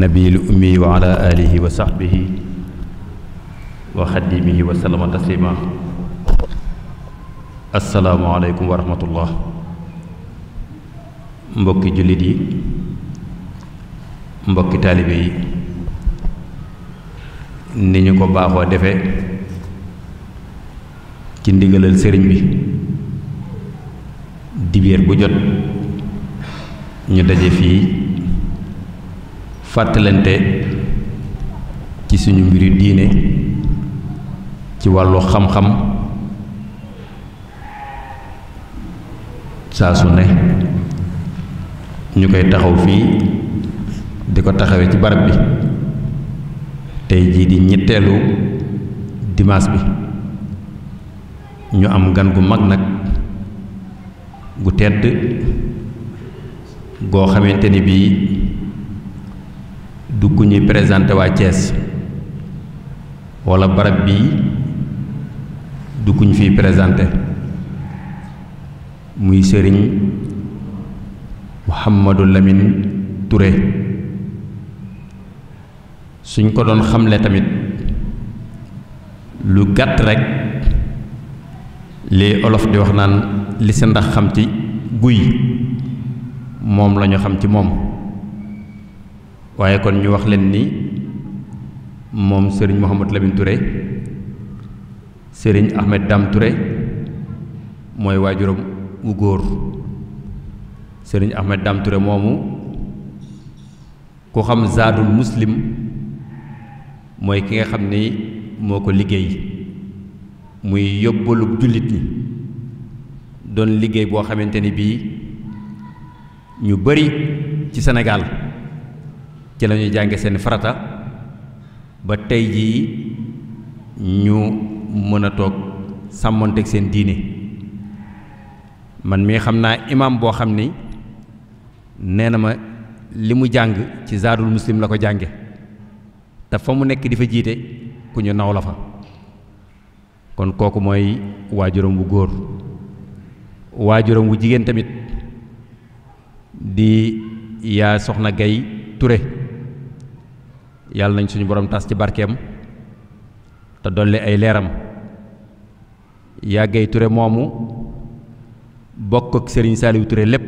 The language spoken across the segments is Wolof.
nabiil ummi wa ala alihi wa sahbihi wa xadimihi wa sallama taslima assalaamu aleykum wa rahmatullah mbokki jullit yi mbokki taalibe yi ni ñu ko baaxoo defe ci ndigalal sëriñ bi dibéer bu jot ñu daje fii fàttalante ci suñu mbiri diine ci wàllu xam-xam saa su ne ñu koy taxaw fii di ko taxawee ci barab bi tey jii di ñetteelu dimaas bi ñu am gan gu mag nag gu tedd goo xamante ni bii du ñuy présenté waa cees wala barab bii du ku ñu fiy présenté muy sëriñ Mouhamadou Lamine Touré suñ ko doon xamle tamit lu gàtt rekk li olof di wax naan li sa ndax xam ci guy moom lañu xam ci moom waaye kon ñu wax leen ni moom sëriñ Mouhamadou Lamine sëriñ Ahmed Dame mooy waajuram wu góor sëriñ Ahmed Dame moomu ku xam zaadul muslim mooy ki nga xam ni moo ko liggéey muy yóbbalub jullit ñi doon liggéey boo xamante ni bii ñu bari ci Sénégal ci lañuy jànge seen farata ba tey jii ñu mën a toog sàmmonteeg seen diine man mii xam naa imaam boo xam ni nee na ma li mu jàng ci zaadul muslim la ko jànge te fa mu nekk di fa jiite ku ñu naw la fa kon kooku mooy waajuram wu góor waajuram wu jigéen tamit di yaa soxna Gay Ture yàlla nañ suñu borom tas ci barkeem te dolli ay leeram yàggay ture moomu bokk ak sëriñ saaliw ture lépp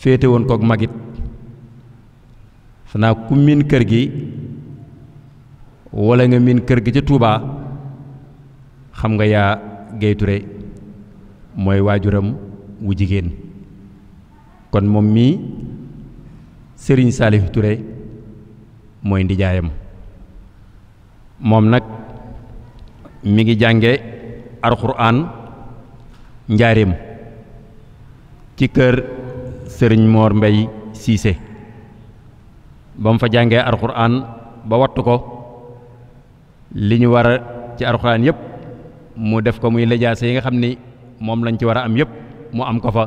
féete woon kook magit xanaa ku miin kër gi wala nga miin kër gi ca Tuubaa xam nga yaa gayture mooy waajuram wu jigéen kon moom mii sëriñ saaliw ture mooy ndijaayam moom nag mi ngi jànge alxuraan njaareem ci kër sëriñ moor mbay siise ba mu fa jàngee alxuraan ba wattu ko li ñu war a ci alxuraan yëpp mu def ko muy lejaase yi nga xam ni moom lañ ci war a am yëpp mu am ko fa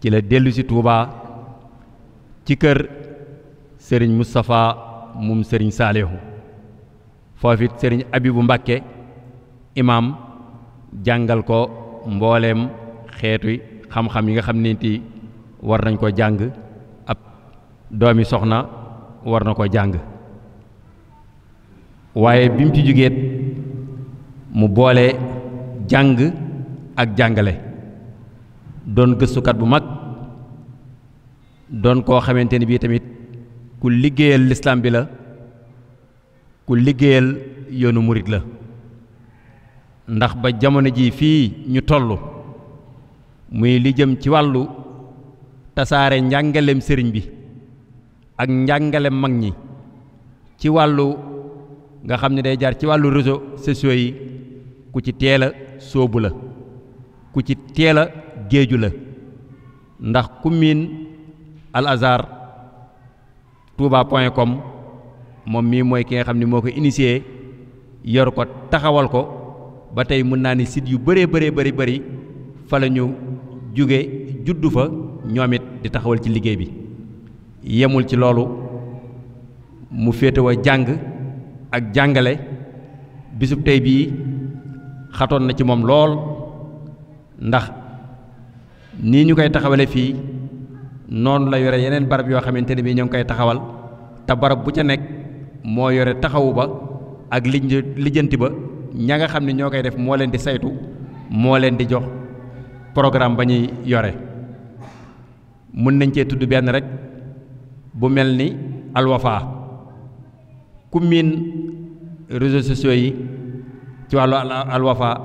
ci la dellu Tuubaa ci kër sëriñ Moustapha moom sëriñ Saalihu foofu it sëriñ abi bu Mbàkke imaam jàngal ko mbooleem xeetu xam-xam yi nga xam ne ti war nañ koo jàng ab doomi soxna war na koo jàng waaye bi mu ci jógeet mu boole jàng ak jàngale doon gëstukat bu mag doon koo xamante ni bii tamit ku liggéeyal lislaam bi la ku liggéeyal yoonu murit la ndax ba jamono ji fii ñu toll muy li jëm ci wàllu tasaare njàngaleem sëriñ bi ak njàngaleem mag ñi ci wàllu nga xam ni day jaar ci wàllu réseaux sociaux yi ku ci teela a la ku ci teel a géeju la ndax ku miin touba point com moom mii mooy ki nga xam ne moo ko initié yor ko taxawal ko ba tey mën naa ni sit yu bëree bare bëri bëri fa la jóge juddu fa ñoom it di taxawal ci liggéey bi yemul ci loolu mu féetewoo jàng ak jàngale bisub tey bii xatoon na ci moom lool ndax nii ñu koy taxawale fii noonu la yore yeneen barab yoo xamante ne bii ñoo ngi koy taxawal te barab bu ca nekk moo yore taxawu ba ak li lijjanti ba ña nga xam ne ñoo koy def moo leen di saytu moo leen di jox programme ba ñuy yore mën nañ cee tudd benn rek bu mel ni alwafa ku miin réseaux sociaux yi ci wàllu alwafa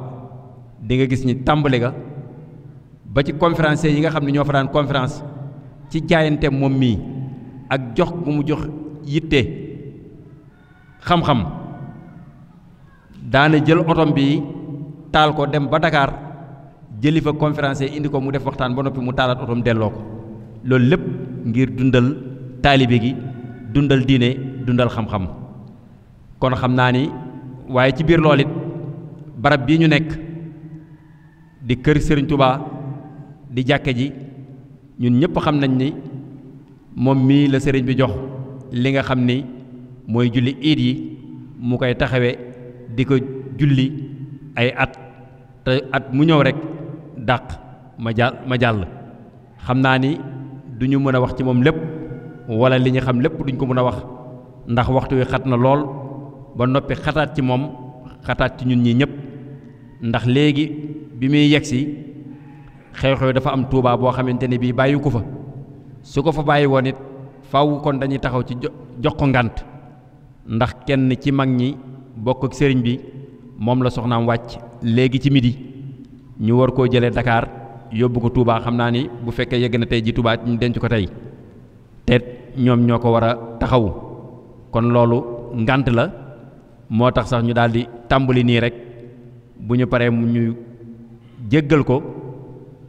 di nga gis ñi tàmbali ga ba ci conférencier yi nga xam ne ñoo fa daan conférence ci jaayante moom mii ak jox gu mu jox yitte xam-xam daana jël otom bi taal ko dem ba dakaar jëli fa conférence indi ko mu def waxtaan ba noppi mu taalaat otom delloo ko loolu lépp ngir dundal taalibe gi dundal diine dundal xam-xam kon xam naa ni waaye ci biir lool barab bii ñu nekk di kër Serigne Touba di jàkke ji ñun ñëpp xam nañ ni moom mii la sëriñ bi jox li nga xam ni mooy julli iid yi mu koy taxawee di ko julli ay at te at mu ñëw rek dàq ma jàll xam naa ni du ñu mën a wax ci moom lépp wala li ñu xam lépp duñ ko mën a wax ndax waxtu wi xat na lool ba noppi xataat ci moom xataat ci ñun ñii ñëpp ndax léegi bi muy yegsi xew-xew dafa am Touba boo xamante ne bii bàyyi ko fa su ko fa bàyyi woon it faaw kon dañuy taxaw ci jox ko ngant ndax kenn ci mag ñi bokk ak sëriñ bi moom la soxnaam wàcc léegi ci midi ñu war koo jëlee Dakar yóbbu ko Touba xam naa ni bu fekkee yegg na tey ji Touba ñu denc ko tey te ñoom ñoo ko war a taxawu kon loolu ngant la moo tax sax ñu daal di tàmbali nii rek bu ñu paree mu ñu jéggal ko.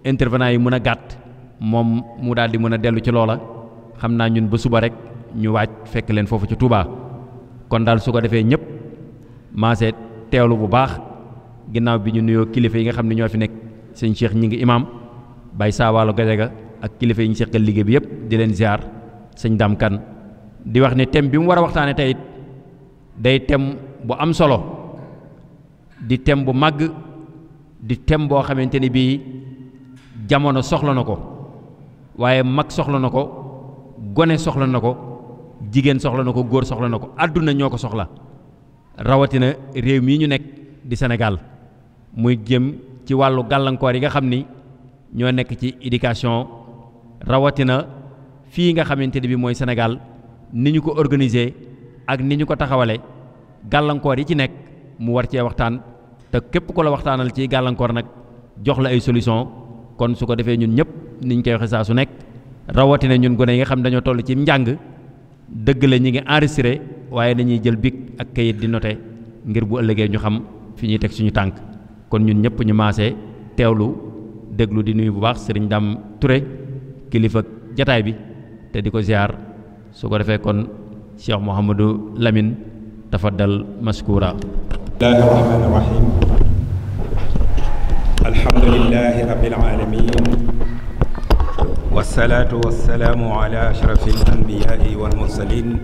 intervenant yi mën a gàtt moom mu daal di mën a dellu ci loola xam naa ñun ba suba rek ñu waaj fekk leen foofu ci Touba kon daal su ko defee ñëpp maase teelu bu baax ginnaaw bi ñu nuyoo kilifa yi nga xam ne ñoo fi nekk sëñ Cheikh ñi ngi imaam bay saawaalo ga ak kilifa yi ñu seqal liggéey bi yëpp di leen ziar sëñ Dame Kane di wax ne thème bi mu war a waxtaane tey day thème bu am solo di thème bu màgg di thème boo xamante ni bii jamono soxla na ko waaye mag soxla na ko gone soxla na ko jigéen soxla na ko góor soxla na ko àdduna ñoo ko soxla rawatina réew mii ñu nekk di Sénégal muy jëm ci wàllu gàllankoor yi nga xam ni ñoo nekk ci éducation rawatina fii nga xamante ne bi mooy Sénégal ni ñu ko organiser ak ni ñu ko taxawale gàllankoor yi ci nekk mu war cee waxtaan te képp ko la waxtaanal ci gàllankoor nag jox la ay solution kon su ko defee ñun ñëpp niñ koy waxe saa su nekk rawatina ñun gone yi nga xam dañoo toll ci njàng dëgg la ñi ngi enregistré waaye dañuy jël bic ak kayit di noté ngir bu ëllëgee ñu xam fi ñuy teg suñu tànk kon ñun ñëpp ñu maasee teewlu déglu di nuyu bu baax sëriñ Dame ture kilifa jataay bi te di ko ziar su ko defee kon Cheikh Mouhamadou Lamine tafaddal maskuura. bismillaahi rahmaani alhamdulilahi rabbil alamin wasalaatu wasalaamu ala ashrafi alanbiyai walmursalin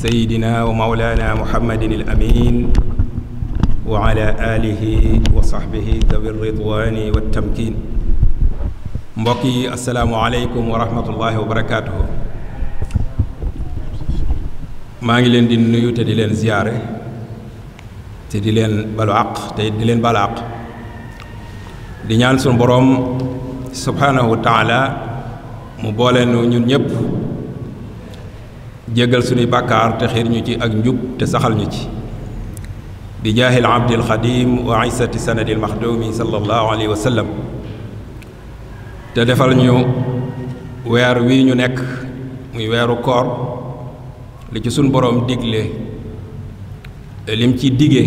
sayidina wa maulana muhammadin alamin wa ala alihi wa sahbihi dawi ridwani wattamkin mbokk yi asalaamualeykum wa rahmatullahi wa barakatuhu maa ngi leen di nuyu te di leen ziyaare te di leen balu àq te di leen balu àq di ñaan sunu boroom subhaanahu wa taala mu boole nu ñun ñëpp jéggal suñuy bàkkaar te xiir ñu ci ak njub te saxal ñu ci bi jaahil abdil xadim wa isati sanadil maxdumi sallallahu alayhi wa sallam te defal ñu weer wii ñu nekk muy weeru koor li ci sunu boroom digle lim ci dige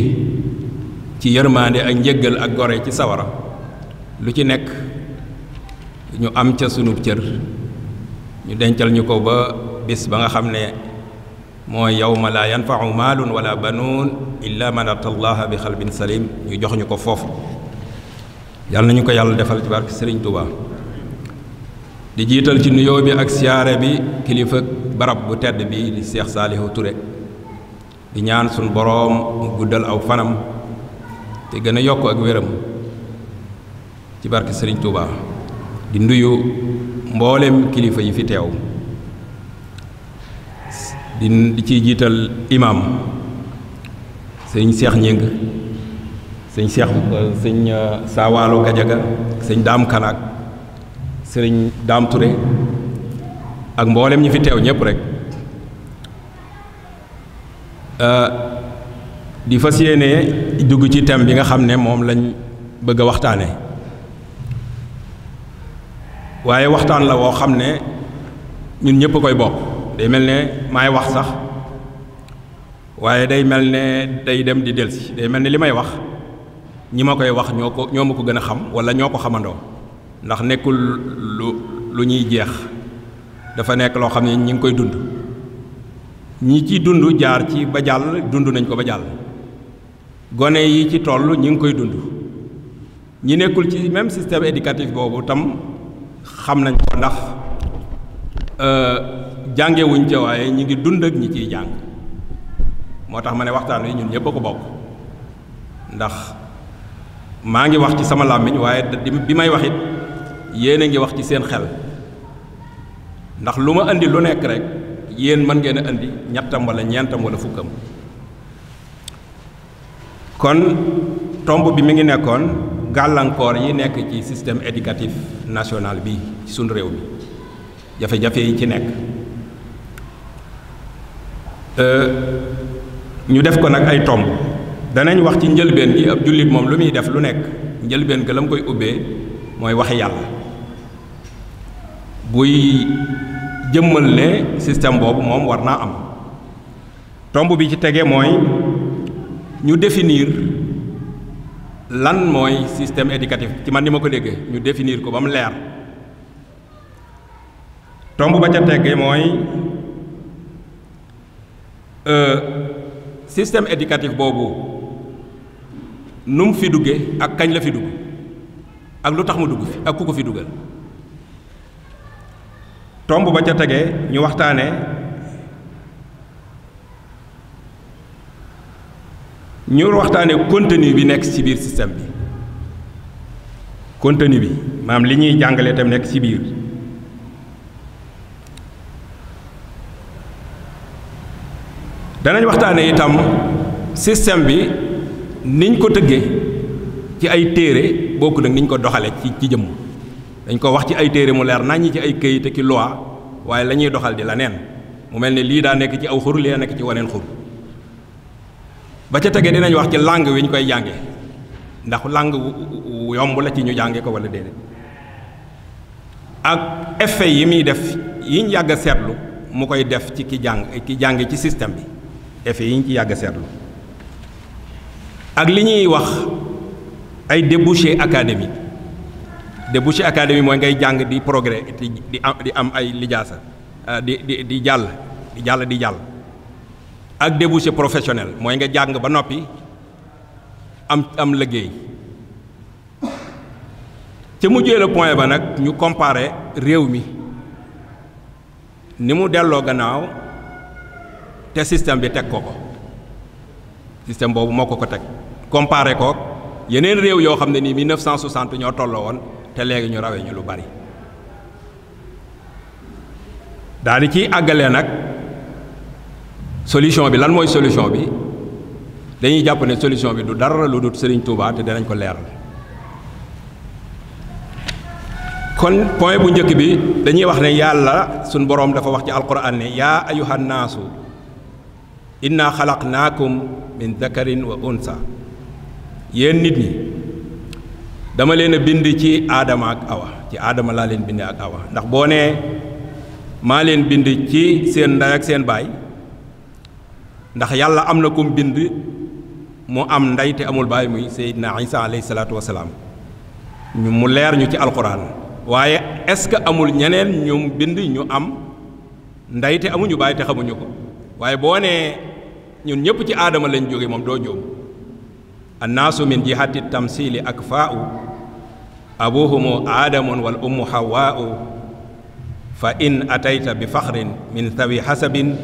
ci yërmaande ak njëggal ak gore ci sawara lu ci nekk ñu am ca sunu cër ñu dencal ñu ko ba bis ba nga xam ne mooy yawma laa yanfau maalun wala banuun illa man atallaha bi xalbin salim ñu jox ñu ko foofu yàlla nañu ko yàlla defal ci barke Sëriñ Tuubaa di jiital ci nuyoo bi ak siyaare bi kilifa barab bu tedd bi di Seex Saalihu Ture di ñaan suñ boroom mu guddal aw fanam te gën a yokk ak wéram ci barke sëriñ Touba di nuyu mboolem kilifa yi fi teew di ci jiital imaam sëñ Cheikh Ñing sëñ Cheikh sëñ euh, Saawaalo Gajaga sëñ Daam Kanaak sëñ Daam Touré ak mboolem ñi fi teew ñëpp rek euh, di fas yéene dugg ci tem bi nga xam ne moom lañ bëgg a waxtaane waaye waxtaan la woo xam ne ñun ñëpp koy bokk day mel ne maay wax sax waaye day mel ne day dem di si day mel ne li may wax ñi ma koy wax ñoo ko ñoo ma ko gën a xam wala ñoo ko xamandoo ndax nekkul lu lu ñuy jeex dafa nekk loo xam ne ñi ngi koy dund ñi ci dund jaar ci ba jàll dund nañ ko ba jàll gone yi ci toll ñi ngi koy dund ñi nekkul ci même système éducatif boobu tam xam nañ ko ndax euh, jàngewuñ ca waaye ñu ngi dund ak ñi ciy jàng moo tax ma ne waxtaan wi ñun ñëpp a ko bokk ndax maa ngi wax ci sama làmmiñ waaye bi may waxit it yéen a ngi wax ci seen xel ndax lu ma indi lu nekk rek yéen man ngeen a indi ñettam wala ñeentam wala fukkam kon tomb bi mi ngi nekkoon gàllankoor yi nekk ci système éducatif national bi ci suñu réew mi jafe-jafe yi ci nekk euh, ñu def ko nag ay tomb danañu wax ci njëlbeen gi ab jullit moom lu muy def lu nekk njëlbeen ga la koy ubbee mooy wax yàlla buy jëmmal ne système boobu moom war naa am tomb bi ci tege mooy ñu définir lan mooy système éducatif ci man ni ma ko déggee ñu definiir ko ba mu leer tomb ba ca teggee mooy euh, système éducatif boobu nu fi duggee ak kañ la fi dugg ak lu tax mu dugg fi ak ku ko fi dugal tomb ba ca tegee ñu waxtaanee. ñu waxtaanee contenu bi nekk ci biir système bi contenu bi maam li ñuy jàngale tam nekk ci biir danañ waxtaane itam système bi niñ ko tëggee ci ay téere bokku nag niñ ko doxale ci ci jëmm dañ ko wax ci ay téere mu leer nañ ci ay këyit ak i waaye la ñuy doxal di la neen mu mel ni lii daa nekk ci aw xur lii daa nekk ci waneen xur ba ca tegee dinañ wax ci làng wi ñu koy jànge ndax làng yomb la ci ñu jàngee ko wala déedéet ak effet yi muy def yiñ yàgg seetlu mu koy def ci ki jàng ki jànge ci système bi effet yi ñu ci yàgg a seetlu ak li ñuy wax ay débouché académique débouché académique mooy ngay jàng di progrès di am di am ay lijaasa euh, di di di jàll di jàll di jàll ak débouché professionnel mooy nga jàng ba noppi am am liggéey ci mujjee la point ba nag ñu comparer réew mi ni mu delloo gannaaw te système bi teg ko ko système boobu moo ko ko teg comparer ko yeneen réew yoo xam ne nii 1960 ñoo tolloo woon te léegi ñu rawee ñu lu bari daal di ciy àggalee nag. solution bi lan mooy solution bi dañuy jàpp ne solution bi du dara lu dul Serigne Touba te danañ ko leeral kon point bu njëkk bi dañuy wax ne yàlla suñ boroom dafa wax ci alquran ne yaa ayuhan naasu inna xalaqnaakum min dakarin wa unsa yéen nit ñi dama leen bind ci aadama ak awa ci aadama laa leen bind ak awa ndax boo nee maa leen bind ci seen ndey ak seen baay ndax yàlla am na ko bind mu am ndey te amul baay muy Seydina Isa alayhi salaatu wa mu leer ñu ci alxuraan waaye est-ce que amul ñeneen ñu bind ñu am ndey te amuñu baay te xamuñu ko waaye boo nee ñun ñëpp ci aadama lañ jóge moom doo jóom annaasu min jihati tamsili ak faa u abuhumu aadamun wal ummu hawaau fa in atayta bi faxrin min tawi hasabin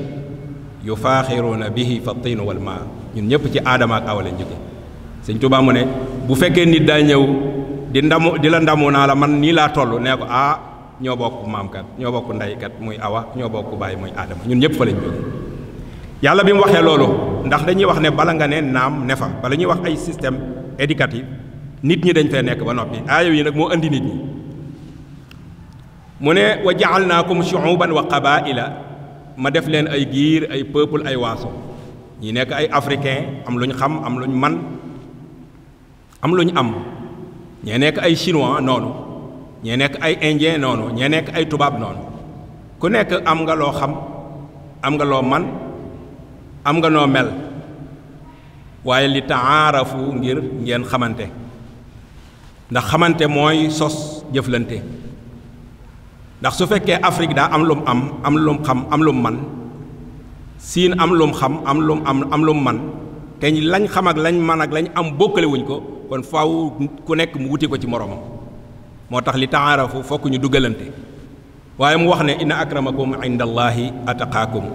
yufaaxiruuna bihi fa tiin wal maa ñun ñëpp ci aadama ak awa lañ jóge sëñ Tuubaa mu ne bu fekkee nit daa ñëw di ndamu di la ndamu naa la man nii laa toll nee ko ah ñoo bokk maam kat ñoo bokk ndey kat muy awa ñoo bokk baay muy aadama ñun ñëpp fa lañ jóge yàlla bi mu waxee loolu ndax dañuy wax ne bala nga ne naam ne fa bala ñuy wax ay système éducatif nit ñi dañ fee nekk ba noppi aayo yi nag moo indi nit ñi mu ne wa ja'alnaakum shu'uban wa qabaa'ila ma def leen ay giir ay peuple ay waaso ñi nekk ay africain am lu ñu xam am lu ñu man am lu ñu am ñee nekk ay chinois noonu ñee nekk ay indien noonu ñee nekk ay tubaab noonu ku nekk am nga loo xam am nga loo man am nga noo mel waaye li taarafu ngir ngeen xamante ndax xamante mooy sos jëflante ndax su fekkee Afrique daa am lum am am lum xam am lum man siin am lum xam am lum am am lum man te lañ xam ak lañ man ak lañ am bokkale ko kon faw ku nekk mu wuti ko ci moromam moo tax li taarafu fokk ñu dugalante waaye mu wax ne inna akramakum indallahi ataqaakum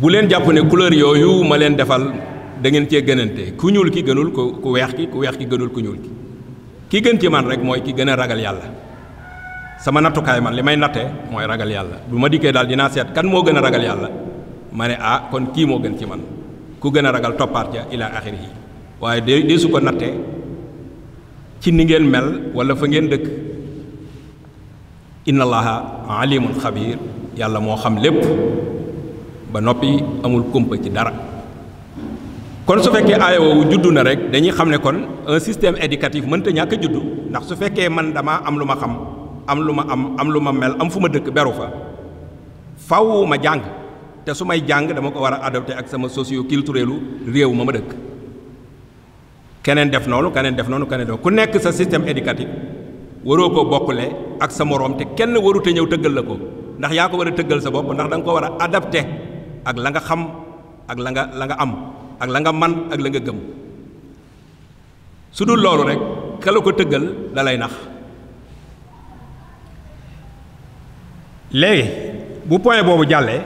bu leen jàpp ne couleur yooyu ma leen defal da ngeen cee gënante ku ñuul ki gënul ku ku weex ki ku weex ki gënul ku ñuul ki ki gën ci man rek mooy ki gën a ragal yàlla sama nattukaay man li may nattee mooy ragal yàlla bu ma dikkee daal dinaa seet kan moo gën a ragal yàlla ma ne ah kon kii moo gën ci man ku gën a ragal toppaat ja ila axiri yi waaye de de su ko nattee ci ni ngeen mel wala fa ngeen dëkk inna allaha alimun xabir yàlla moo xam lépp ba noppi amul kumpa ci dara kon su fekkee aaya woowu juddu na rek dañuy xam ne kon un système éducatif mënta ñàkk a juddu ndax su fekkee man damaa am lu ma xam am lu ma am am lu ma mel am fu ma dëkk beru fa faw ma jàng te su may jàng dama ko war a adopté ak sama socio culturelu réew ma ma dëkk keneen def noonu keneen def noonu keneen def ku nekk sa système éducatif waroo koo bokkule ak sa moroom te kenn warute ñëw tëggal la ko ndax yaa ko war a tëggal sa bopp ndax da ko war a adapte ak la nga xam ak la nga la nga am ak la nga man ak la nga gëm su dul loolu rek ka la ko tëggal da lay nax léegi bu point boobu jàllee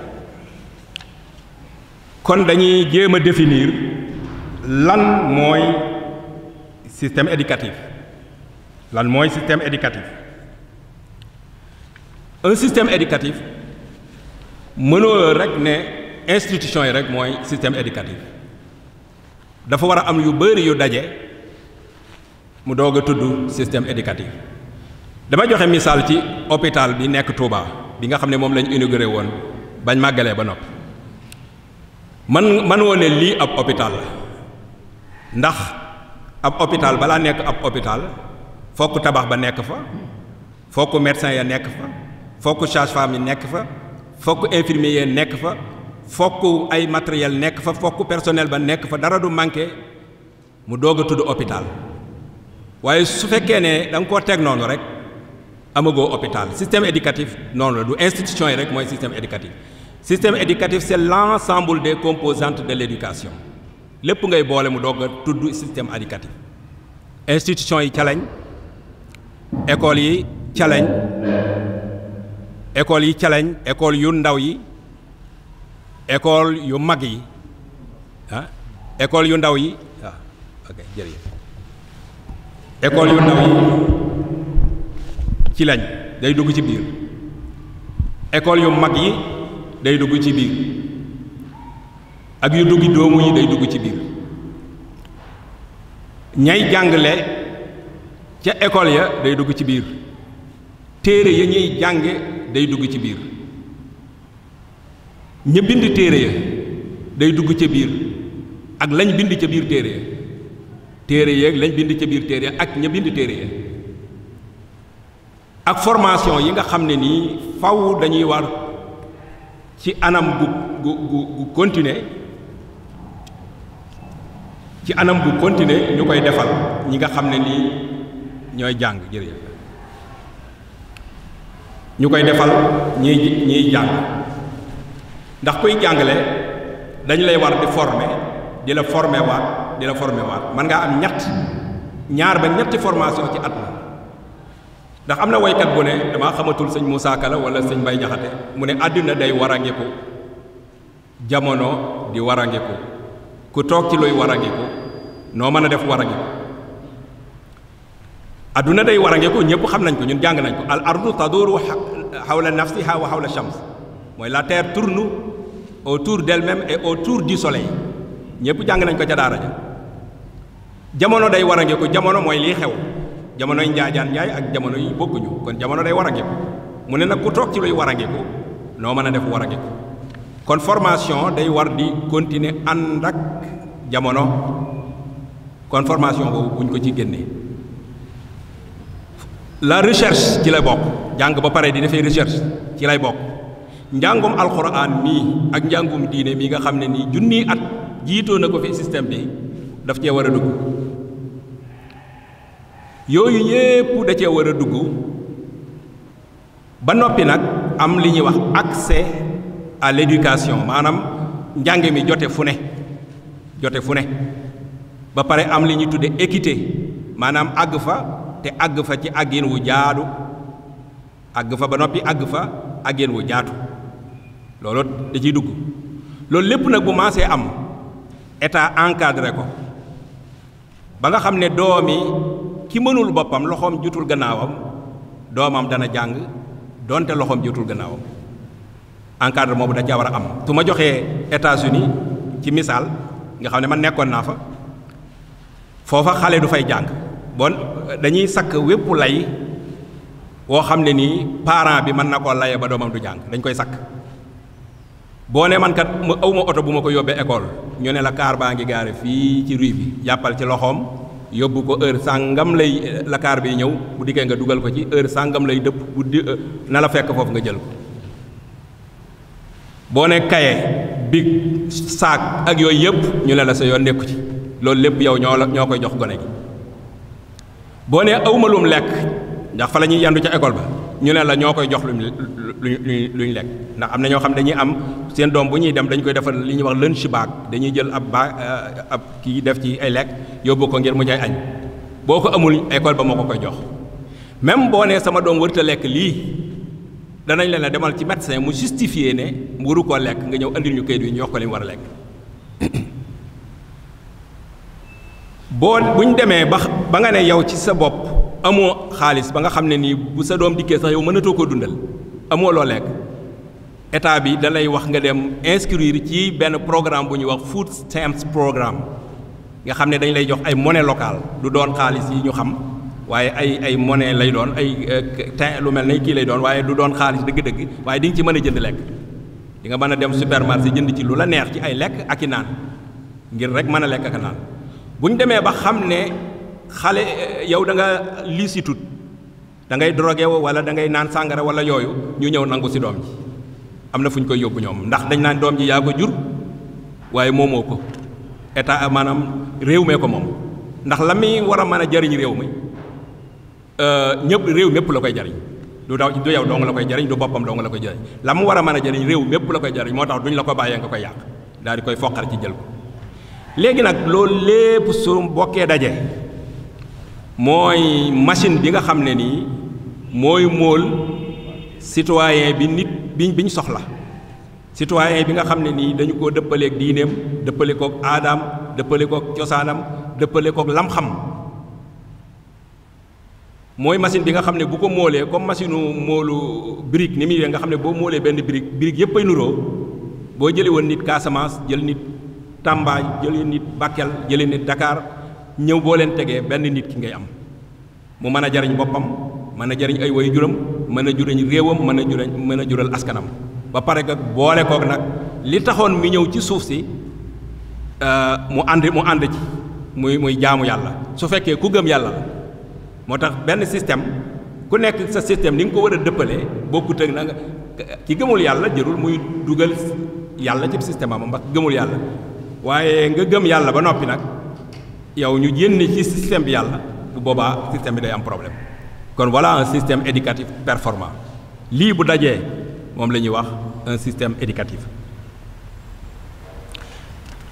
kon dañuy jéem a définir lan mooy système éducatif lan mooy système éducatif un système éducatif mënoo rek ne institution yi rek mooy système éducatif dafa war a am yu bëri yu daje mu doog a tudd système éducatif dama joxe misaal ci hôpital bi nekk Touba. bi nga xam ne moom lañ inauguré woon bañ màggalee ba noppi man man woon ne lii ab hôpital la ndax ab hôpital balaa nekk ab hôpital fokk tabax ba nekk fa fokk médecin ya nekk fa fokk sage-femme yi nekk fa fokk infirmier ya nekk fa fokk ay matériel nekk fa fokk personnel ba nekk fa dara du manqué mu doog a tudd hôpital waaye su fekkee ne da nga koo teg noonu rek amagoo hôpital système éducatif noonu la du institution yi rek mooy système éducatif système éducatif c'est l'ensemble des composantes de l'éducation lépp ngay boole mu doog a tudd système éducatif institution yi calañ écoles yi calañ écoles yi calañ école yu ndaw yi école yu mag yi ah école yu ndaw yi waaw ah, école yu ndaw yi ci lañ day dugg ci biir école yu mag yi day dugg ci biir ak yu duggi doomu yi day dugg ci biir ñay jàngale ca école ya day dugg ci biir téere ya ñuy jànge day dugg ci biir ña bind téere ya day dugg ca biir ak lañ bind ca biir téere ya téere yeeg lañ bind ca biir téere ya ak ña bind téere ya ak formation yi nga xam ne nii faw dañuy war ci anam gu gu gu gu ci anam gu continuer ñu koy defal ñi nga xam ne nii ñooy jàng jërëjëf ñu koy defal ñiy ñiy jàng ndax kuy jàngale dañu lay war di former di la former waat di la former waat mën ngaa am ñett ñaar ba ñetti formation ci at na ndax am na waykat bu ne damaa xamatul sëñ Moussa Kala wala sëñ Mbay Jaxate mu ne àddina day warangeku jamono di warangeku ku toog ci luy warangeku noo mën a def a àdduna day warangeku ñëpp xam nañ ko ñun jàng nañ ko al ardu taduru xawla nafsiha wa xawla shams mooy la terre tourne autour del même et autour du soleil ñëpp jàng nañ ko ca daara ja jamono day warangeku jamono mooy lii xew jamonoy njaajaan njaay ak jamono yi bokkuñu kon jamono day war a geku mu ne nag ku toog ci luy war a geku noo mën a def war a geku kon formation day war di continuer ànd ak jamono kon formation boobu buñ ko ci génnee la recherche ci lay bokk jàng ba pare di defee recherche ci lay bokk njàngum alxuraan mii ak njàngum diine mii nga xam ne nii junni at jiitoo na ko fi système bi daf cee war a dugg yooyu yépp da cee war a dugg ba noppi nag am li ñuy wax accès à l'éducation maanaam njàng mi jote fu ne jote fu ne ba pare am li ñuy tudde équité maanaam àgg fa te àgg fa ci àggin wu jaadu àgg fa ba noppi àgg fa àggin wu jaatu loolu da ciy dugg loolu lépp nag bu maasee am état encadré ko ba nga xam ne doomi ki mënul boppam loxoom jutul gannaawam doomam dana jàng donte loxoom jutul gannaawam encadre moobu da caa war a am su ma joxee États-Unis ci misaal nga xam ne man nekkoon naa fa foofa xale du fay jàng bon dañuy sakk wépp lay woo xam ne nii parent bi mën na koo laye ba doomam du jàng dañ koy sakk boo ne man kat ma awma oto bu ma ko yóbbee école ñu ne la kaar baa ngi gaar fii ci rue bi jàppal ci loxoom yóbbu ko heure sàngam lay la kaar bi ñëw bu dikkee nga dugal ko ci heure sàngam lay dëpp bu di euh, na la fekk foofu nga jël ko boo ne kaye big saak ak yooyu yëpp ñu la la sa yoon nekku ci loolu lépp yow ñoo la ñoo koy jox gone gi boo ne awmalum lekk ndax fa la ñuy yandu ca école ba ñu ne la ñoo koy jox luñ lu luñ lekk ndax am na ñoo xam dañuy am seen doom bu ñuy dem dañ koy defal li ñuy wax si bag dañuy jël ab ba euh, ab kii def ci ay lekk yóbbu ko ngir mu cay añ boo ko amul école ba moo ko koy jox même boo nee sama doom warut a lekk lii danañ leen a demal ci médecin mu justifier ne mburu koo lekk nga ñëw andil ñu kayit wi ñu jox ko li mu a lekk boo buñ demee ba ba nga ne yow ci sa bopp amoo xaalis ba nga xam ne nii bu sa doom dikkee sax yow mënatoo koo dundal amoo loo lekk état bi da lay wax nga dem inscrire ci benn programme bu ñuy wax food stamps programme nga xam ne dañ lay jox ay monnaie local du doon xaalis yi ñu xam waaye ay ay monnaie lay doon ay euh, tin lu mel ne kii lay doon waaye du doon xaalis dëgg-dëgg waaye di ci mën a jënd lekk di nga mën a dem supermarché jënd ci lu la neex ci ay lekk ak i naan ngir rek mën a lekk ak naan xale yow da nga licitude da ngay drogué wala da ngay naan sàngara wala yooyu ñu ñëw nangu si doom ji am na fu ñu koy yóbbu ñoom ndax dañ naan doom ji yaa ko jur waaye moomoo ko état maanaam réew mee ko moom ndax la muy war a mën a jariñ réew mi euh, ñëpp réew mépp la koy jariñ du daw du yow dong la koy jariñ du boppam dong la koy jariñ la mu war a mën jariñ réew mépp la koy jariñ moo tax duñ la ko bàyyee nga koy yàq daal di koy foqar ci jël ko léegi nag loolu lépp su bokkee daje mooy machine bi nga xam ne nii mooy móol citoyen bi nit bi biñ soxla citoyen bi nga xam ne nii dañu koo dëppaleeg diineem dëppale koog aadaam dëppale koog cosaanam dëppale koog lam xam mooy machine bi nga xam ne bu ko moolee comme machine moolu brique ni muy nga xam ne boo moolee benn brique brique yépp ay nuroo boo jëlee woon nit Casamance jël nit Tamba jëlee nit Bakel jëlee nit Dakar ñëw boo leen tegee benn nit ki ngay am mu mën a jariñ boppam mën a jariñ ay waajuram mën a juriñ réewam mën a juriñ mën a jural askanam ba pare nga boole kook nag li taxoon mi ñëw ci suuf si euh, mu ànd mu ànd ci muy muy jaamu yàlla su fekkee ku gëm yàlla la moo tax benn système ku nekk sa système ni nga ko war a dëppalee bokkut ak na ki gëmul yàlla jërul muy dugal yàlla ci système am ba gëmul yàlla waaye nga gëm yàlla ba noppi nag yow ñu génn ci système bi yàlla bu boobaa système bi day am problème kon voilà un système éducatif performant lii bu dajee moom la ñuy wax un système éducatif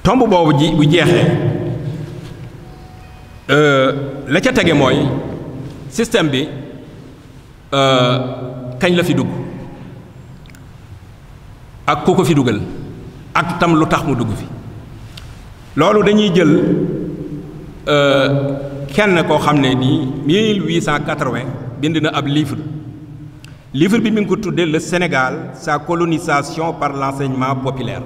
tomb boobu ji bu jeexee euh, la ca tege mooy système bi euh, kañ la fi dugg ak ku ko fi dugal ak tam lu tax mu dugg fi loolu dañuy jël Euh, kenn koo xam ne nii 1880 bind na ab livre livre bi mi ngi ko tuddee le Sénégal sa colonisation par l'enseignement populaire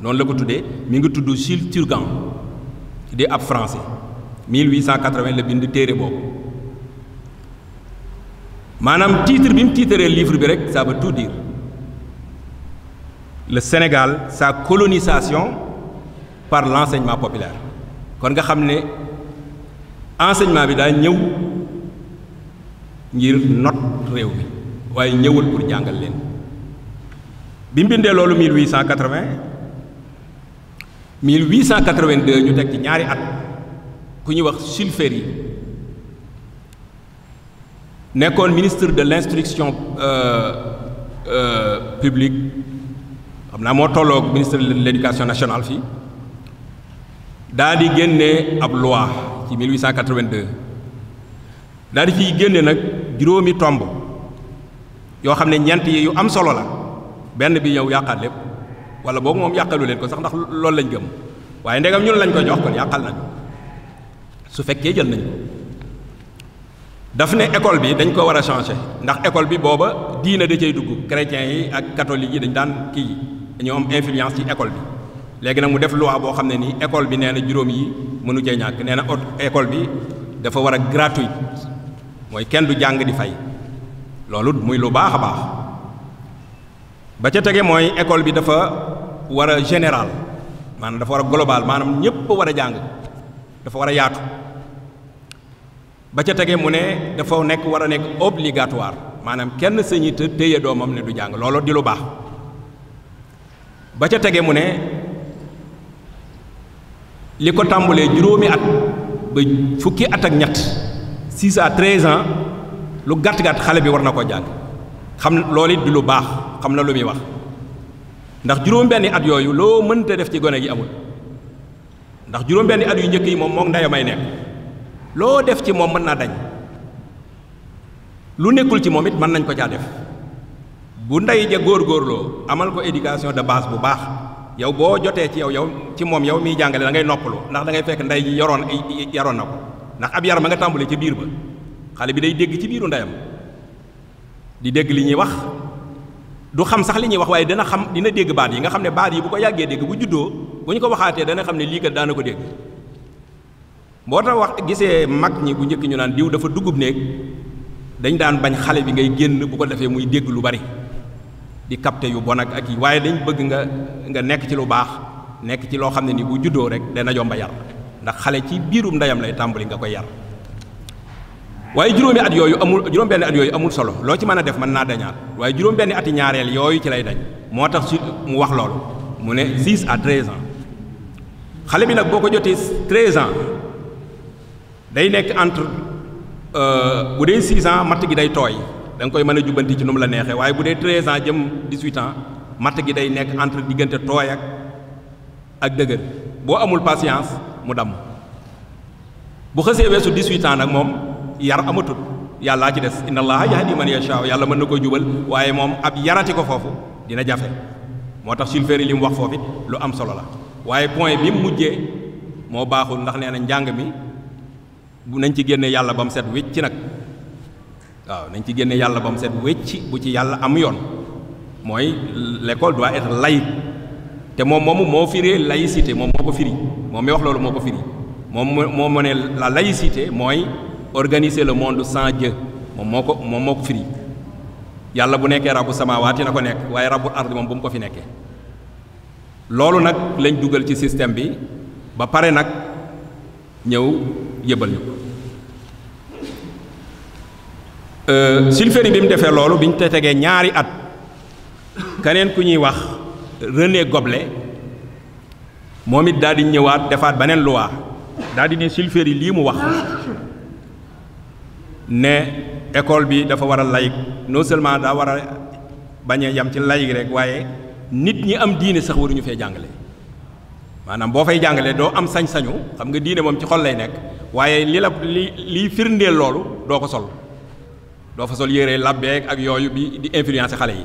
noonu la ko tuddee mi ngi tudd Jules Turgan di ab français 1880 la bind téere boobu maanaam titre bi mu tiitaree livre bi rek ça tout dire le Sénégal sa colonisation par l'enseignement populaire kon nga xam ne enseignement bi daa ñëw ngir not réew mi waaye ñëwul pour jàngal leen bi mu bindee loolu 1880 1882 ñu teg ci ñaari at ku ñuy wax Silferi nekkoon ministre de l'instruction euh, euh, publique xam naa moo tolloog ministre de l'éducation nationale fii daa di génnee ab loi ci 1882 daal di ciy génne nag juróomi tomb yoo xam ne ñent yi yu am solo la benn bi ñëw yàqaat lépp wala boobu moom yàqalu leen ko sax ndax loolu lañ gëm waaye ndegam ñun lañ ko jox kon yàqal nañ su fekkee jël nañ ko daf ne école bi dañ ko war a changer ndax école bi booba diina de cay dugg chrétiens yi ak catholiques yi dañ daan kii dañoo am influence ci école bi léegi nag mu def loi boo xam ne nii école bi nee na juróom yi mënu cee ñàkk nee na école bi dafa war a gratuit mooy kenn du jàng di fay loolu muy lu baax a baax ba ca tege mooy école bi dafa war a général maanaam dafa war a global maanaam ñëpp war a jàng dafa war a yaatu ba ca tegee mu ne dafa nekk war a nekk obligatoire maanaam kenn sañi te téye doomam ne du jàng loolu di lu baax ba ca tegee mu ne. li ko tàmbalee juróomi at ba fukki at ak ñett 6 à 13 ans lu gàtt-gàtt xale bi war na ko jàng xam loolu it du lu baax xam na lu muy wax ndax juróom-benni at yooyu loo mënta def ci gone gi amul ndax juróom-benni at yu njëkk yi moom moog ndeyam ay nekk loo def ci moom mën naa dañ lu nekkul ci moom it mën nañ ko caa def bu ndey ja góor-góorloo amal ko éducation de base bu baax yow boo jotee ci yow yow ci moom yow miy jàngale da ngay noppalu ndax da ngay fekk ndey ji yoroon yaroon na ko ndax ab yaram ba nga tàmbalee ca biir ba xale bi day dégg ci biiru ndeyam di dégg li ñuy wax du xam sax li ñuy wax waaye dina xam dina dégg baat yi nga xam ne baat yi bu ko yàggee dégg bu juddoo bu ñu ko waxaatee dana xam ne lii kat daana ko dégg boo tax wax gisee mag ñi bu njëkk ñu naan diw dafa dugub néeg dañ daan bañ xale bi ngay génn bu ko defee muy dégg lu bari di capter yu bon ak ak yi waaye dañ bëgg nga nga nekk ci lu baax nekk ci loo xam ne ni bu juddoo rek dana yomba yar ndax xale ci biirum ndeyam lay tàmbali nga koy yar waaye juróomi at yooyu amul juróom benn at yooyu amul solo loo ci mën a def mën naa dañaat waaye juróom benn ati ñaareel yooyu ci lay dañ moo tax si mu wax lool mu ne 6 à 13 ans xale bi nag boo ko jotee 13 ans day nekk entre euh, bu dee 6 ans matt gi day tooy danga koy mën a jubbanti ci nu mu la neexee waaye bu dee 13 ans jëm 18 ans matt gi day nekk entre diggante tooy ak dëgër boo amul patience mu damm bu xësee weesu 18 ans nag moom yar amatul yàllaa ci des inna allaha yahdi man yashaa yàlla mën na ko jubal waaye moom ab yarati ko foofu dina jafe moo tax Jules Ferry li mu wax foofu it lu am solo la waaye point bi mu mujjee moo baaxul ndax nee na njàng mi bu nañ ci génne yàlla ba mu set wécc nag waaw nañ ci génne yàlla ba mu set wecci bu ci yàlla am yoon mooy l'école doit être laïque te moom moomu moo firi laïcité moom moo ko firi moom mi wax loolu moo ko firi moom moo moo ne la laïcité mooy organiser le monde sans Dieu moom moo ko moom moo ko firi yàlla bu nekkee rabbu samaawaati na ko nekk waaye rabbul ardi moom bu mu ko fi nekkee loolu nag lañ dugal ci système bi ba pare nag ñëw yëbal ñu Euh, Silvéry bi mu defee loolu bi ñu te tegee ñaari at keneen ku ñuy wax René goble moom it daal di ñëwaat defaat beneen loi daal di ne Silvéry lii mu wax ne école bi dafa war a laïque non seulement daa war a bañ a yam ci laïque rek waaye nit ñi am diine sax waruñu fee jàngale maanaam boo fay jàngale doo am sañ-sañu xam nga diine moom ci xol lay nekk waaye li la li liy firndeel loolu doo ko sol doo fa sol yére labbeeg ak yooyu bi di influencer xale yi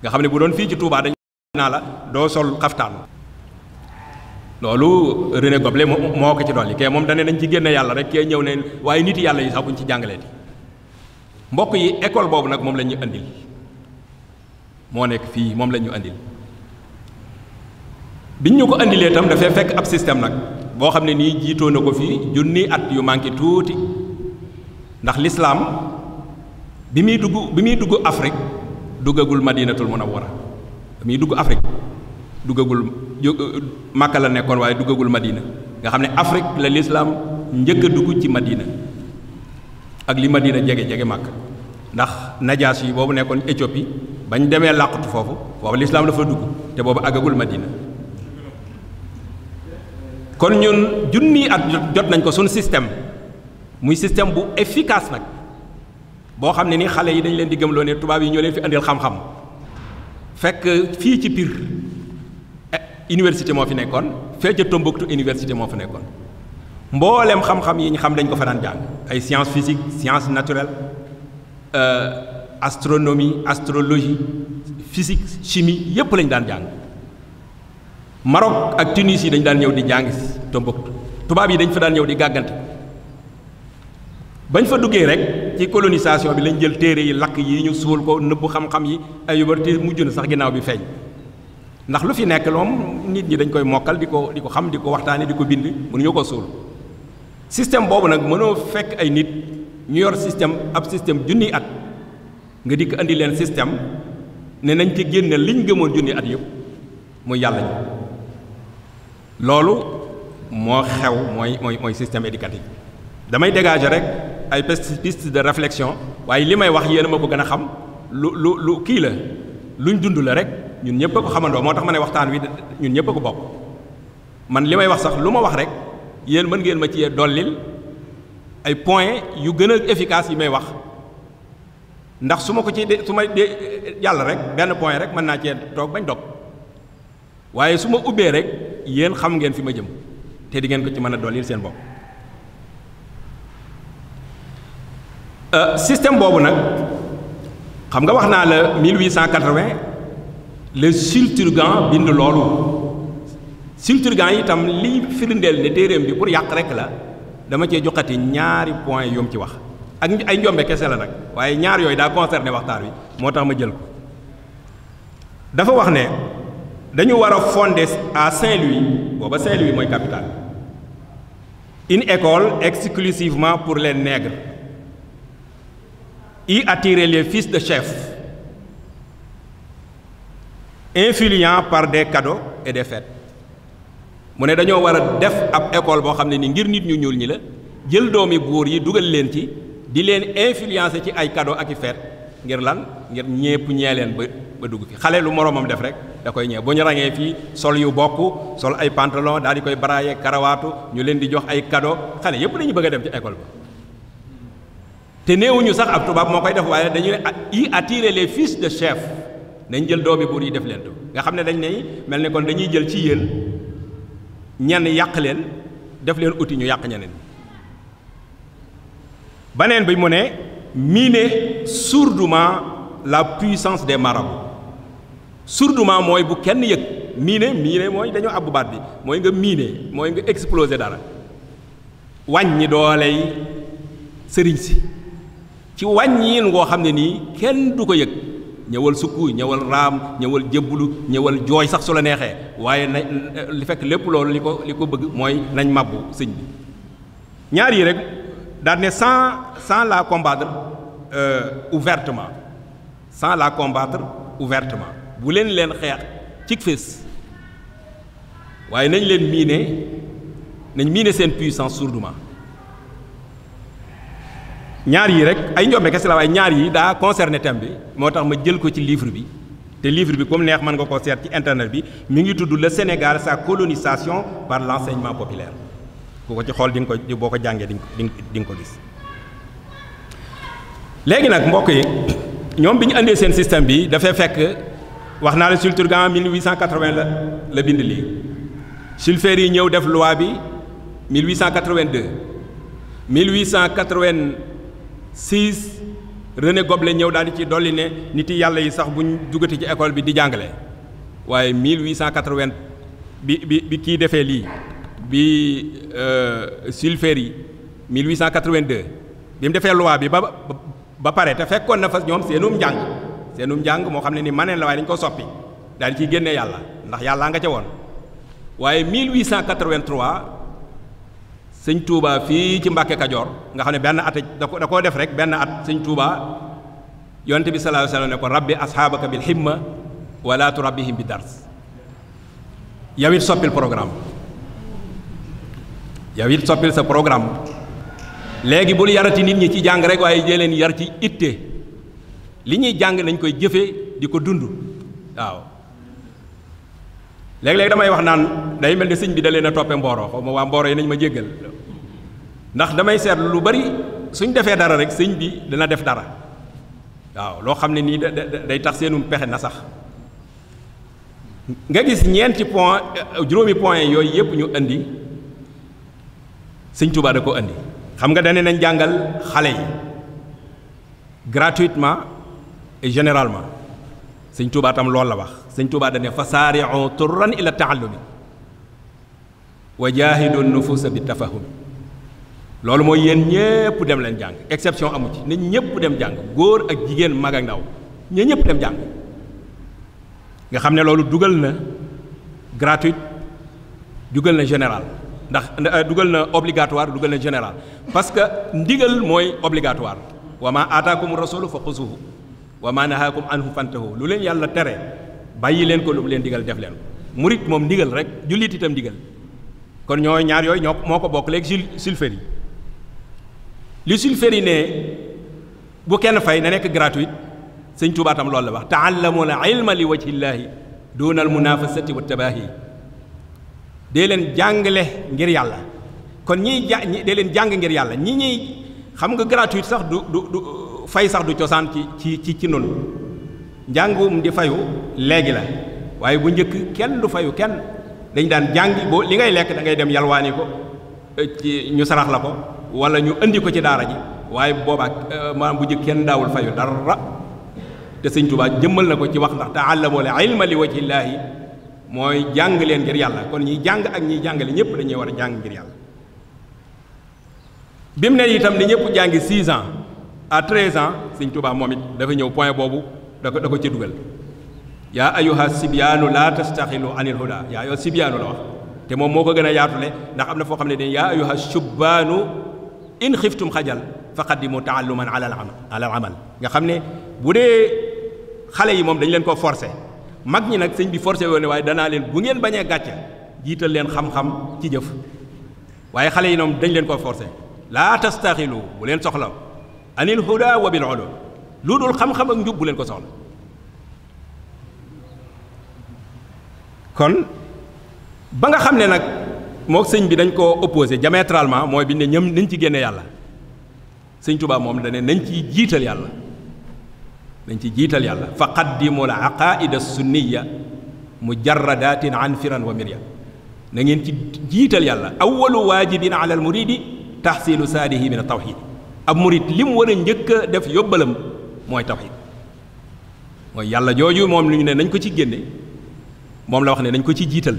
nga xam ne bu doon fii ci tuubaa dañ naa la doo sol xaftaan loolu René Goble moo moo ko ci dolli kee moom dane nañ ci génne yàlla rek kee ñëw ne waaye nit yàlla yi sax buñ ci jàngaleeti mbokk yi école boobu nag moom lañuy ñu moo nekk fii moom la ñu andil biñ ñu ko indilee itam dafay fekk ab système nag boo xam ne nii jiitoo na ko fii junni at yu manqué tuuti ndax lislaam bi muy dugg bi muy dugg Afrique duggagul madinatul munawwara bi muy dugg Afrique duggagul euh, Makka la nekkoon waaye duggagul Madina nga xam ne Afrique la lislaam njëkk a dugg ci Madina ak li Madina jege jege Makka ndax najaas yi boobu nekkoon Éthiopie bañ demee làqutu foofu foofu lislaam dafa dugg te boobu àggagul Madina kon ñun junni at jot nañ ko suñu système muy système bu efficace nag. boo xam ne ni xale yi dañu leen di gëmloo ne tubaab yi ñoo leen fi andil xam fekk fii ci Pire eh, université moo fi nekkoon fee ca Tombouctou université moo fa nekkoon mbooleem xam-xam yi ñu xam dañ ko fa daan jàng ay science physique science naturelle euh, astronomie astrologie physique chimie yépp lañ daan jàng Maroc ak yi dañ daan ñëw di jàng si Tombouctou tubaab yi dañu fa daan ñëw di gàggante bañ fa duggee rek ci colonisation bi lañ jël téere yi lakk yi ñu suul ko nëbbu xam-xam yi ay yubarti mujj na sax ginnaaw bi feeñ ndax lu fi nekk loom nit ñi dañ koy mokkal di ko di ko xam di ko waxtaane di ko bind mënuñu ko suul système boobu nag mënoo fekk ay nit ñu yor système ab système junni at nga dikk indi leen système ne nañ ci génne liñ gëmoon junni at yëpp muy yàlla ji loolu moo xew mooy mooy mooy système damay dégager rek ay piste de réflexion waaye li may wax yéen ma ko gën a xam lu lu lu kii la luñ dund la rek ñun ñëpp a ko xamandoo moo tax ma ne waxtaan wi ñun ñëpp a ko bokk man li may wax sax lu ma wax rek yéen mën ngeen ma ci dollil ay points yu gën a efficace yi may wax ndax su ma ko ci de su ma de jàll rek benn point rek mën naa cee toog bañ dog waaye su ma ubbee rek yéen xam ngeen fi ma jëm te di ngeen ko ci mën a dollil seen bopp. Euh, système boobu nag xam nga wax naa la 1880 le Sulturgan bind loolu Sulturgan itam li firndeel ne téeréem bi pour yàq rekk la dama cee joxati ñaari point yoom ci wax ak ay njombe kese la nag waaye ñaar yooyu daa concerné waxtaan wi moo tax ma jël ko dafa wax ne dañu war a fonder à Saint-Louis booba Saint-Louis mooy capitale une école exclusivement pour les nègres y attirer les fils de chefs, influents par des cadeaux et des fêtes mu ne dañoo war a def ab école boo xam ne ni ngir nit ñu ñuul ñi la jël doomi buur yi dugal leen ci di leen influencer ci ay cadeaux ak i fêtes ngir lan ngir ñépp ñee leen ba ba dugg fi xale lu moroomam def rek da koy ñëw bu ñu ràññee fii sol yu bokk sol ay pantalon daal di koy baraaye karawaatu ñu leen di jox ay cadeaux xale yépp dañu bëgg a dem ci école ba te néewuñu sax ab tubaab moo koy def waaye dañu ne yi attirer les fils de chef dañ jël doomi buur yi def leen to nga xam ne dañ ne mel ne kon dañuy jël ci yéen ñenn yàq leen def leen uti ñu yàq ñeneen beneen bi mu ne miine sourdement la puissance des marabouts sourdement mooy bu kenn yëg miine miine mooy dañoo abbu baat bi mooy nga miine mooy nga exploser dara wàññi dooley sëriñ si ci wàññiin ngoo xam ne nii kenn du ko yëg ñëwal sukk ñëwal raam ñëwal jëbbulu ñëwal jooy sax su la neexee waaye na li fekk lépp loolu li ko li ko bëgg mooy nañ màbbu sëñ bi ñaar yi rek daal ne sans sans la combattre euh, ouvertement sans la combattre ouvertement bu leen leen xeex cig fés waaye nañ leen miine nañ miine seen puissance sourdement ñaar yii rek ay njombe kese la waaye ñaar yi daa concerné thème bi moo tax ma jël ko ci livre bi te livre bi comme neex mën nga koo seet ci internet bi mu ngi tudd le Sénégal sa colonisation par l' enseignement populaire ku ko ci xool dinga nga ko boo ko jàngee di nga di nga ko gis. léegi nag mbokk yi ñoom bi ñu andee seen système bi dafay fekk wax naa la Jules Turgan 1880 la la bind lii Jules yi ñëw def loi bi 1882 1880. six René Goblet ñëw daal di ci dolli ne nit yàlla yi sax bu ñu duggati ci école bi di jàngale waaye 1880 bi bi bi kii defee lii bi euh, Sulféry 1882 bi mu defee loi bi ba ba pare te fekkoon na fa ñoom seenum njàng seenum njàng moo xam ne ni maneen la waaye dañ ko soppi daal di ciy génne yàlla ndax yàllaa nga ca woon waaye sëñ Touba fii ci Mbàkke Kajoor nga xam ne benn at da ko da koo def rek benn at sañ Touba yonte bi sallallahu alayhi wasallam ne ko rabbi asxaabaka bil himma wala turabbihim bi dars yow it soppil programme yow it soppil sa programme léegi bul yarati nit ñi ci jàng rek waaye dee leen yar ci itte li ñuy jàng nañ koy jëfe di ko dund waaw léegi-léegi damay wax naan day mel ni sëñ bi da leen toppe mbooro xaw ma waa mbooro yi nañ ma jéggal ndax damay seetlu lu bari suñ defee dara rek sëñ bi dana def dara waaw loo xam ne nii da day tax seenu pexe na sax nga gis ñeenti point euh, juróomi point yooyu yépp ñu indi sëñ Tuubaa da ko indi xam nga dane nañ jàngal xale yi gratuitement et généralement sëñ Tuubaa tam loolu la wax sëñ Tuubaa dane fa saari'u turran ila taallumi wa jaahidu nufuusa bi tafahumi loolu mooy yéen ñëpp dem leen jàng exception amu ci ne ñëpp dem jàng góor ak jigéen mag ak ndaw ñe ñëpp dem jàng nga xam ne loolu dugal na gratuite dugal na général ndax euh, dugal na obligatoire dugal na général parce que ndigal mooy obligatoire wa ma aataakum rasulu fa xusuhu wa ma nahaakum anhu fantahu lu leen yàlla tere bàyyi leen ko lu mu leen digal def leen ko murit moom ndigal rek jullit itam ndigal kon ñooy ñaar yooyu ñoo moo ko bokk léegi sulféri yi li sulférinee bu kenn fay na nekk gratuite sëñ Tuubaa tam loolu la wax taallamuuna ilma li wajhillaahi duuna al munafasati wa tabaahi dee leen jàngale ngir yàlla kon ñiy ja dee leen jàng ngir yàlla ñi ñuy xam nga gratuit sax du du du fay sax du cosaan ci ci ci ci noonu njàngum di fayu léegi la waaye bu njëkk kenn du fayu kenn dañ daan jàngi boo li ngay lekk da ngay dem yalwaani ko ñu sarax la ko wala ñu indi ko ci daara ji waaye boobaa eh, maanaam bu njëkk kenn daawul fayu dara te sëñ Tuubaa jëmmal na ko ci wax ndax taallamoo la ilma li wajhillaahi mooy jàng leen ngir yàlla kon ñiy jàng ak ñiy jàngale ñëpp dañuy war a jàng ngir yàlla bi mu ne itam ni ñëpp jàngi 6 ans à treis ans sëñ Tuubaa moom it dafa ñëw point boobu da ko da ko ci dugal yaa ayuha sibyaanu laa tastaxilu anil huda yaa ayuha sibyaanu la wax te moom moo ko gën a yaatule ndax na foo xam ne dañ yaa ayuha shubbaanu in xiftum xajal fa qaddimu taalluman ala al amal nga xam ne bu dee xale yi moom dañ leen koo forcé mag ñi nag sëñ bi forcé woon waaye danaa leen bu ngeen bañee gàcce jiital leen xam-xam ci jëf waaye xale yi moom dañ leen koo forcé laa tastaxilu bu leen soxla anil huda wa bil ulum lu dul xam-xam ak njub bu leen ko soxla kon ba nga xam ne nag moo sëñ bi dañ koo opposé diamétralement mooy bi ne ñoom nañ ci génne yàlla sëñ Tuubaa moom dane nañ ci jiital yàlla dañ ci jiital yàlla fa qaddimu l aqaida sunniya mujaradatin an firan wa mirya na ngeen ci jiital yàlla awalu waajibin ala al muridi taxsilu saadihi min a tawxid ab murid li mu war a njëkk def yóbbalam mooy tawxid mooy yàlla jooju moom lu ñu ne nañ ko ci génne moom la wax ne nañ ko ci jiital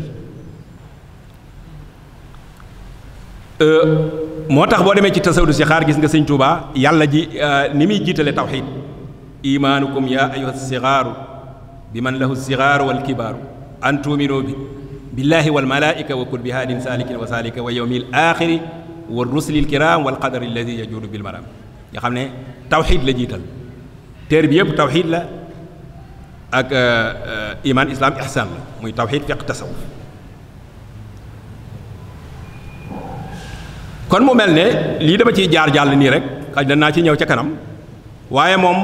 Euh, moo tax boo demee ci tasawdu si xaar gis nga sëñ Tuuba yàlla ji euh, ni muy jiitale tawxid imaanukum ya ayuha sigaaru bi man lahu sigaaru wal kibaaru an tuuminu bi billahi wal malaika wa kul bi haadin saalikin wa saalika wa yowmi l axiri wa rusuli l kiram wal qadari alladi yajuudu bil maram xam ne tawxid la jiital teer bi yëpp tawxid la ak euh, iman islam ihsan la muy tawxid fiq tasawuf kon mu mel ne lii dama ciy jaar jàll nii rek xaj naa ci ñëw ca kanam waaye moom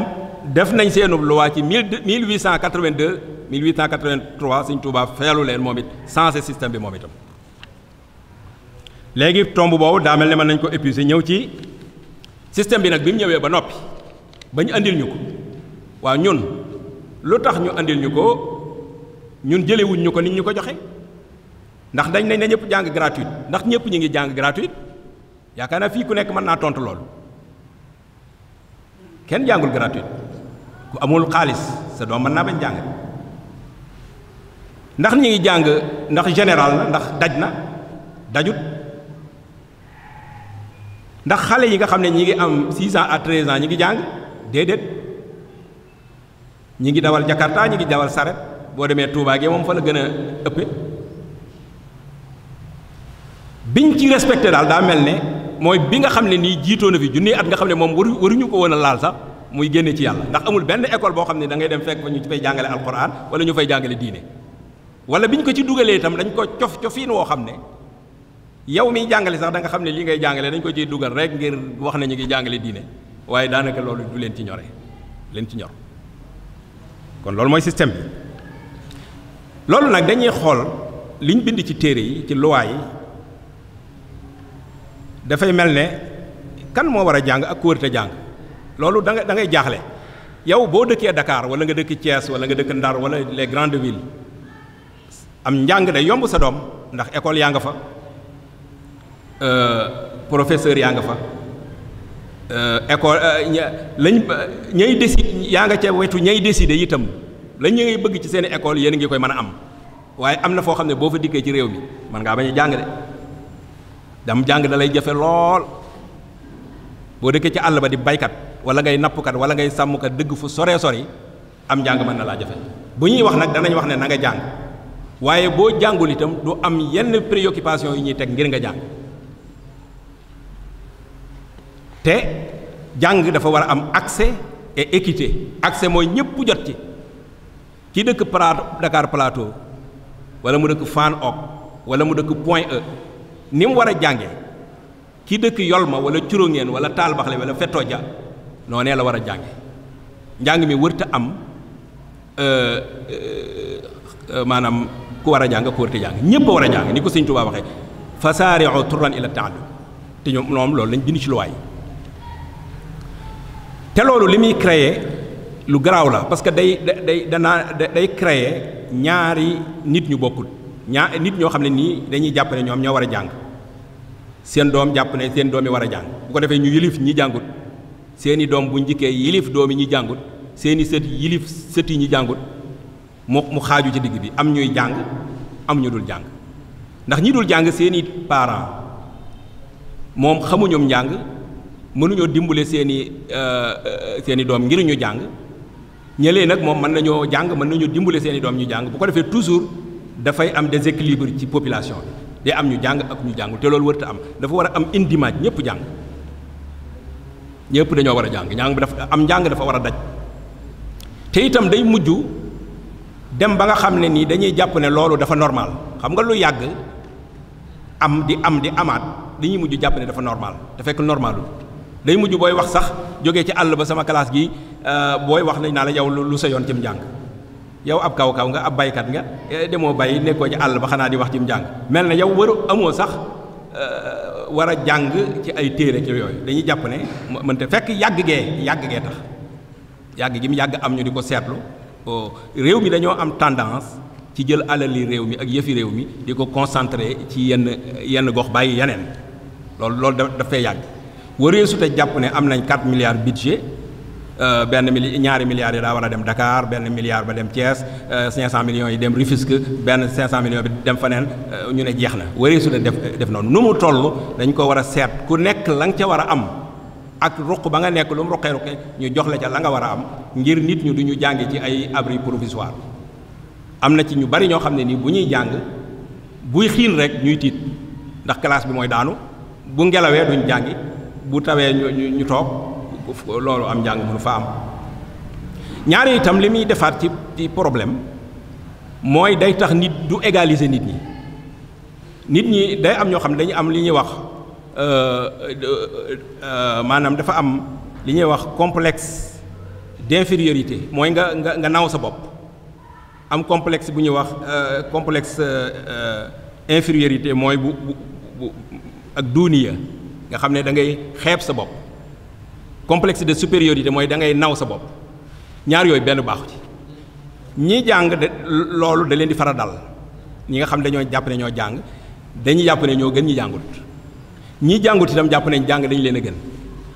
def nañ seenub luwaa ci mille huit cent quatre-vingt-deux mille huit cent quatre-vingt-trois Sëñ Tuubaa feelu leen moom it sensé système bi moom itam léegi tomb boobu daa mel ne man nañ ko épuisé ñëw ci système bi nag bi mu ñëwee ba noppi ba ñu andil ñu ko waaw ñun lu tax ñu andil ñu ko ñun jëlewuñ ñu ko nit ñu ko joxe ndax dañ nañ ne ñëpp jàng gratuite ndax ñëpp ñu ngi jàng gratuite yaakaar naa fii ku nekk mën naa tontu loolu kenn jàngul gratuite ku amul xaalis sa doom mën naa bañ jàng ndax ñu ngi jàng ndax général na ndax daj na dajut ndax xale yi nga xam ne ñi ngi am 6 ans à 13 ans ñi ngi jàng déedéet ñi ngi dawal Jakarta ñi ngi dawal saret boo demee Touba gi moom fa la gën a ëppe biñ ci respecté daal daa mel ne mooy bi nga xam ne nii jiitoo na fi junni at nga xam ne moom waru waruñu ko woon a laal sax muy génne ci yàlla ndax amul benn école boo xam ne dangay dem fekk fa ñu fay jàngale alquran wala ñu fay jàngale diine wala bi ñu ko ci dugalee itam dañ ko cof cofiin woo xam ne yow miy jàngale sax da nga xam ne li ngay jàngale dañ ko ciy dugal rek ngir wax nañu ngi jàngale diine waaye daanaka loolu du leen ci ñore leen ci ñor kon loolu mooy système bi loolu nag dañuy xool liñ bind ci téere yi ci luwaa yi dafay mel ne kan moo war a jàng ak ku warut jàng loolu da nga da ngay jaaxle yow boo dëkkee dakaar wala nga dëkk Thiès wala nga dëkk Ndar wala les grandes villes am njàng day yomb sa doom ndax école yaa nga fa euh, professeur yaa nga fa euh, école euh, lañ ñay décide yaa nga ca wetu ñay décider itam lañ ñuy bëgg ci seen école yéen ngi koy mën a am waaye am na foo xam ne boo fa dikkee ci réew mi mën ngaa bañ a jàng de dam jàng da lay jafe lool boo dëkkee ci àll ba di baykat wala ngay nappkat wala ngay sàmmkat dëgg fu soree yi am njàng mën na laa jafe bu ñuy wax nag danañ wax ne na nga jàng waaye boo jàngul itam du am yenn préoccupation yi ñuy teg ngir nga jàng te jàng dafa war a am accès et équité accès mooy ñëpp jot ci ki dëkk Dakar Plateau wala mu dëkk Fann Ok wala mu dëkk Point E ni mu war a jànge kii dëkk Yolma wala Curóngeen wala Taalbaxle wala ja noonee la war a jànge njàng mi wërta am euh, euh, euh, maanaam ku war a jàng ku wërta jàng ñëpp war a jàng ni ko sëñ Tuubaa waxee fasaari'u turran ila ta'allum te ñoom ñoom loolu lañ bind ci luwaay te loolu li muy créer lu garaaw la parce que da day danaa day créer ñaari nit ñu bokkul ñaa nit ñoo xam ne nii dañuy jàpp ne ñoom ñoo war a jàng seen doom jàpp ne seen doom yi war a jàng bu ko defee ñu yilif ñi jàngut seeni doom bu njikkee yilif doom yi ñi jàngut seen sët yilif sët yi ñi jàngut mu mu xaaju ci digg bi am ñuy jàng am ñu dul jàng ndax ñi jàng seen i parents moom xamuñum njàng mënuñoo dimbale seen i euh, euh, seen i doom ngir ñu jàng ñëlee nag moom mën nañoo jàng mën nañoo dimbale seeni i doom ñu jàng bu ko defee toujours dafay am déséquilibre ci population bi am ñu jàng ak ñu jàngul te loolu warta am dafa war a am indimaaj ñëpp jàng ñëpp dañoo war a jàng njàng bi dafa am njàng dafa war a daj te itam day mujj dem ba nga xam ne nii dañuy jàpp ne loolu dafa normal xam nga lu yàgg am di am di amaat dañuy mujj jàpp ne dafa normal te fekk normalul day mujj booy wax sax jóge ci àll ba sama classe gi euh, booy wax nañ naa la yow lu sa yoon ci njàng yow ab kaw kaw nga ab baykat nga eh, demoo bay nekkoo ci àll ba xanaa di wax ci mu jàng mel na yow war amoo sax eh, war a jàng ci ay téere ci yooyu dañuy jàpp ne moo mënta fekk yàgg gee yàgg gee tax yàgg gi mu yàgg am ñu di ko seetlu oh, réew mi dañoo am tendance ci jël alali réew mi ak yëfi réew mi di ko concentré ci yenn yenn gox bàyyi yeneen loolu loolu dafay yàgg waree su te jàpp ne am nañ 4 milliards budget Euh, benn mil ñaari milliards yi daa war a dem dakaar benn milliard ba dem Thiès 500 euh, millions yi dem Rufisque benn 500 millions bi dem faneen euh, ñu ne jeex na waree su la def def noonu nu mu toll dañ ko war a seet ku nekk la nga ca war a am ak ruq ba nga nekk lu mu ruqee ruqee ñu jox la ca la nga war a am ngir nit ñu du ñu jànge ci ay abri provisoire am na ci ñu bari ñoo xam ne nii bu ñuy jàng buy xiin rek ñuy tiit ndax classe bi mooy daanu bu ngelawee duñ jàngi bu tawee ñu ñu toog. loolu am njàng mënu fa am ñaari itam li muy defaat ci ci problème mooy day tax nit du égaliser nit ñi nit ñi day am ñoo xam ne dañu am li ñuy wax euh, euh, maanaam dafa am li ñuy wax complexe d'infériorité mooy nga nga nga naaw sa bopp am complexe bu ñuy wax euh, complexe infériorité mooy bu bu ak duuniya nga xam ne da ngay xeeb sa bopp complexe de supériorité mooy da ngay naw sa bopp ñaar yooyu benn baaxu ci ñi jàng de loolu da leen di faral dal ñi nga xam dañoo jàpp ne ñoo jàng dañuy jàpp ne ñoo gën ñi jàngut ñi jàngut itam jàpp ne jàng dañ leen a gën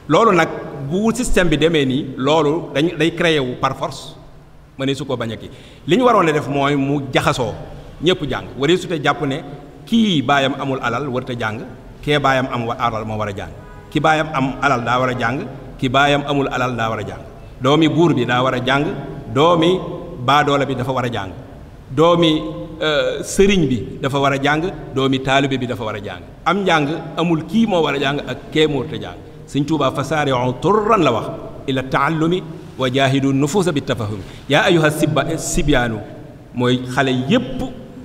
loolu nag bu système bi demee nii loolu dañ day créé wu par force ma ne su ko bañ a kii li ñu waroon a def mooy mu jaxasoo ñëpp jàng waree su te jàpp ne kii baayam amul alal warut jàng kee baayam am alal moo war a jàng ki baayam am alal daa war a jàng ki baayam amul alal daa war a jàng doomi buur bi daa war a jàng doomi baadoola bi dafa war a jàng doomi euh, sëriñ bi dafa war a jàng doomi taalibe bi dafa war a jàng am njàng amul kii moo war a jàng ak kee moo jàng sëñ Tuubaa fasaari'u turran la wax ila taallumi wa jaahidu nufuusa bi tafahumi yaa ayyuha sibba sibyaanu mooy xale yépp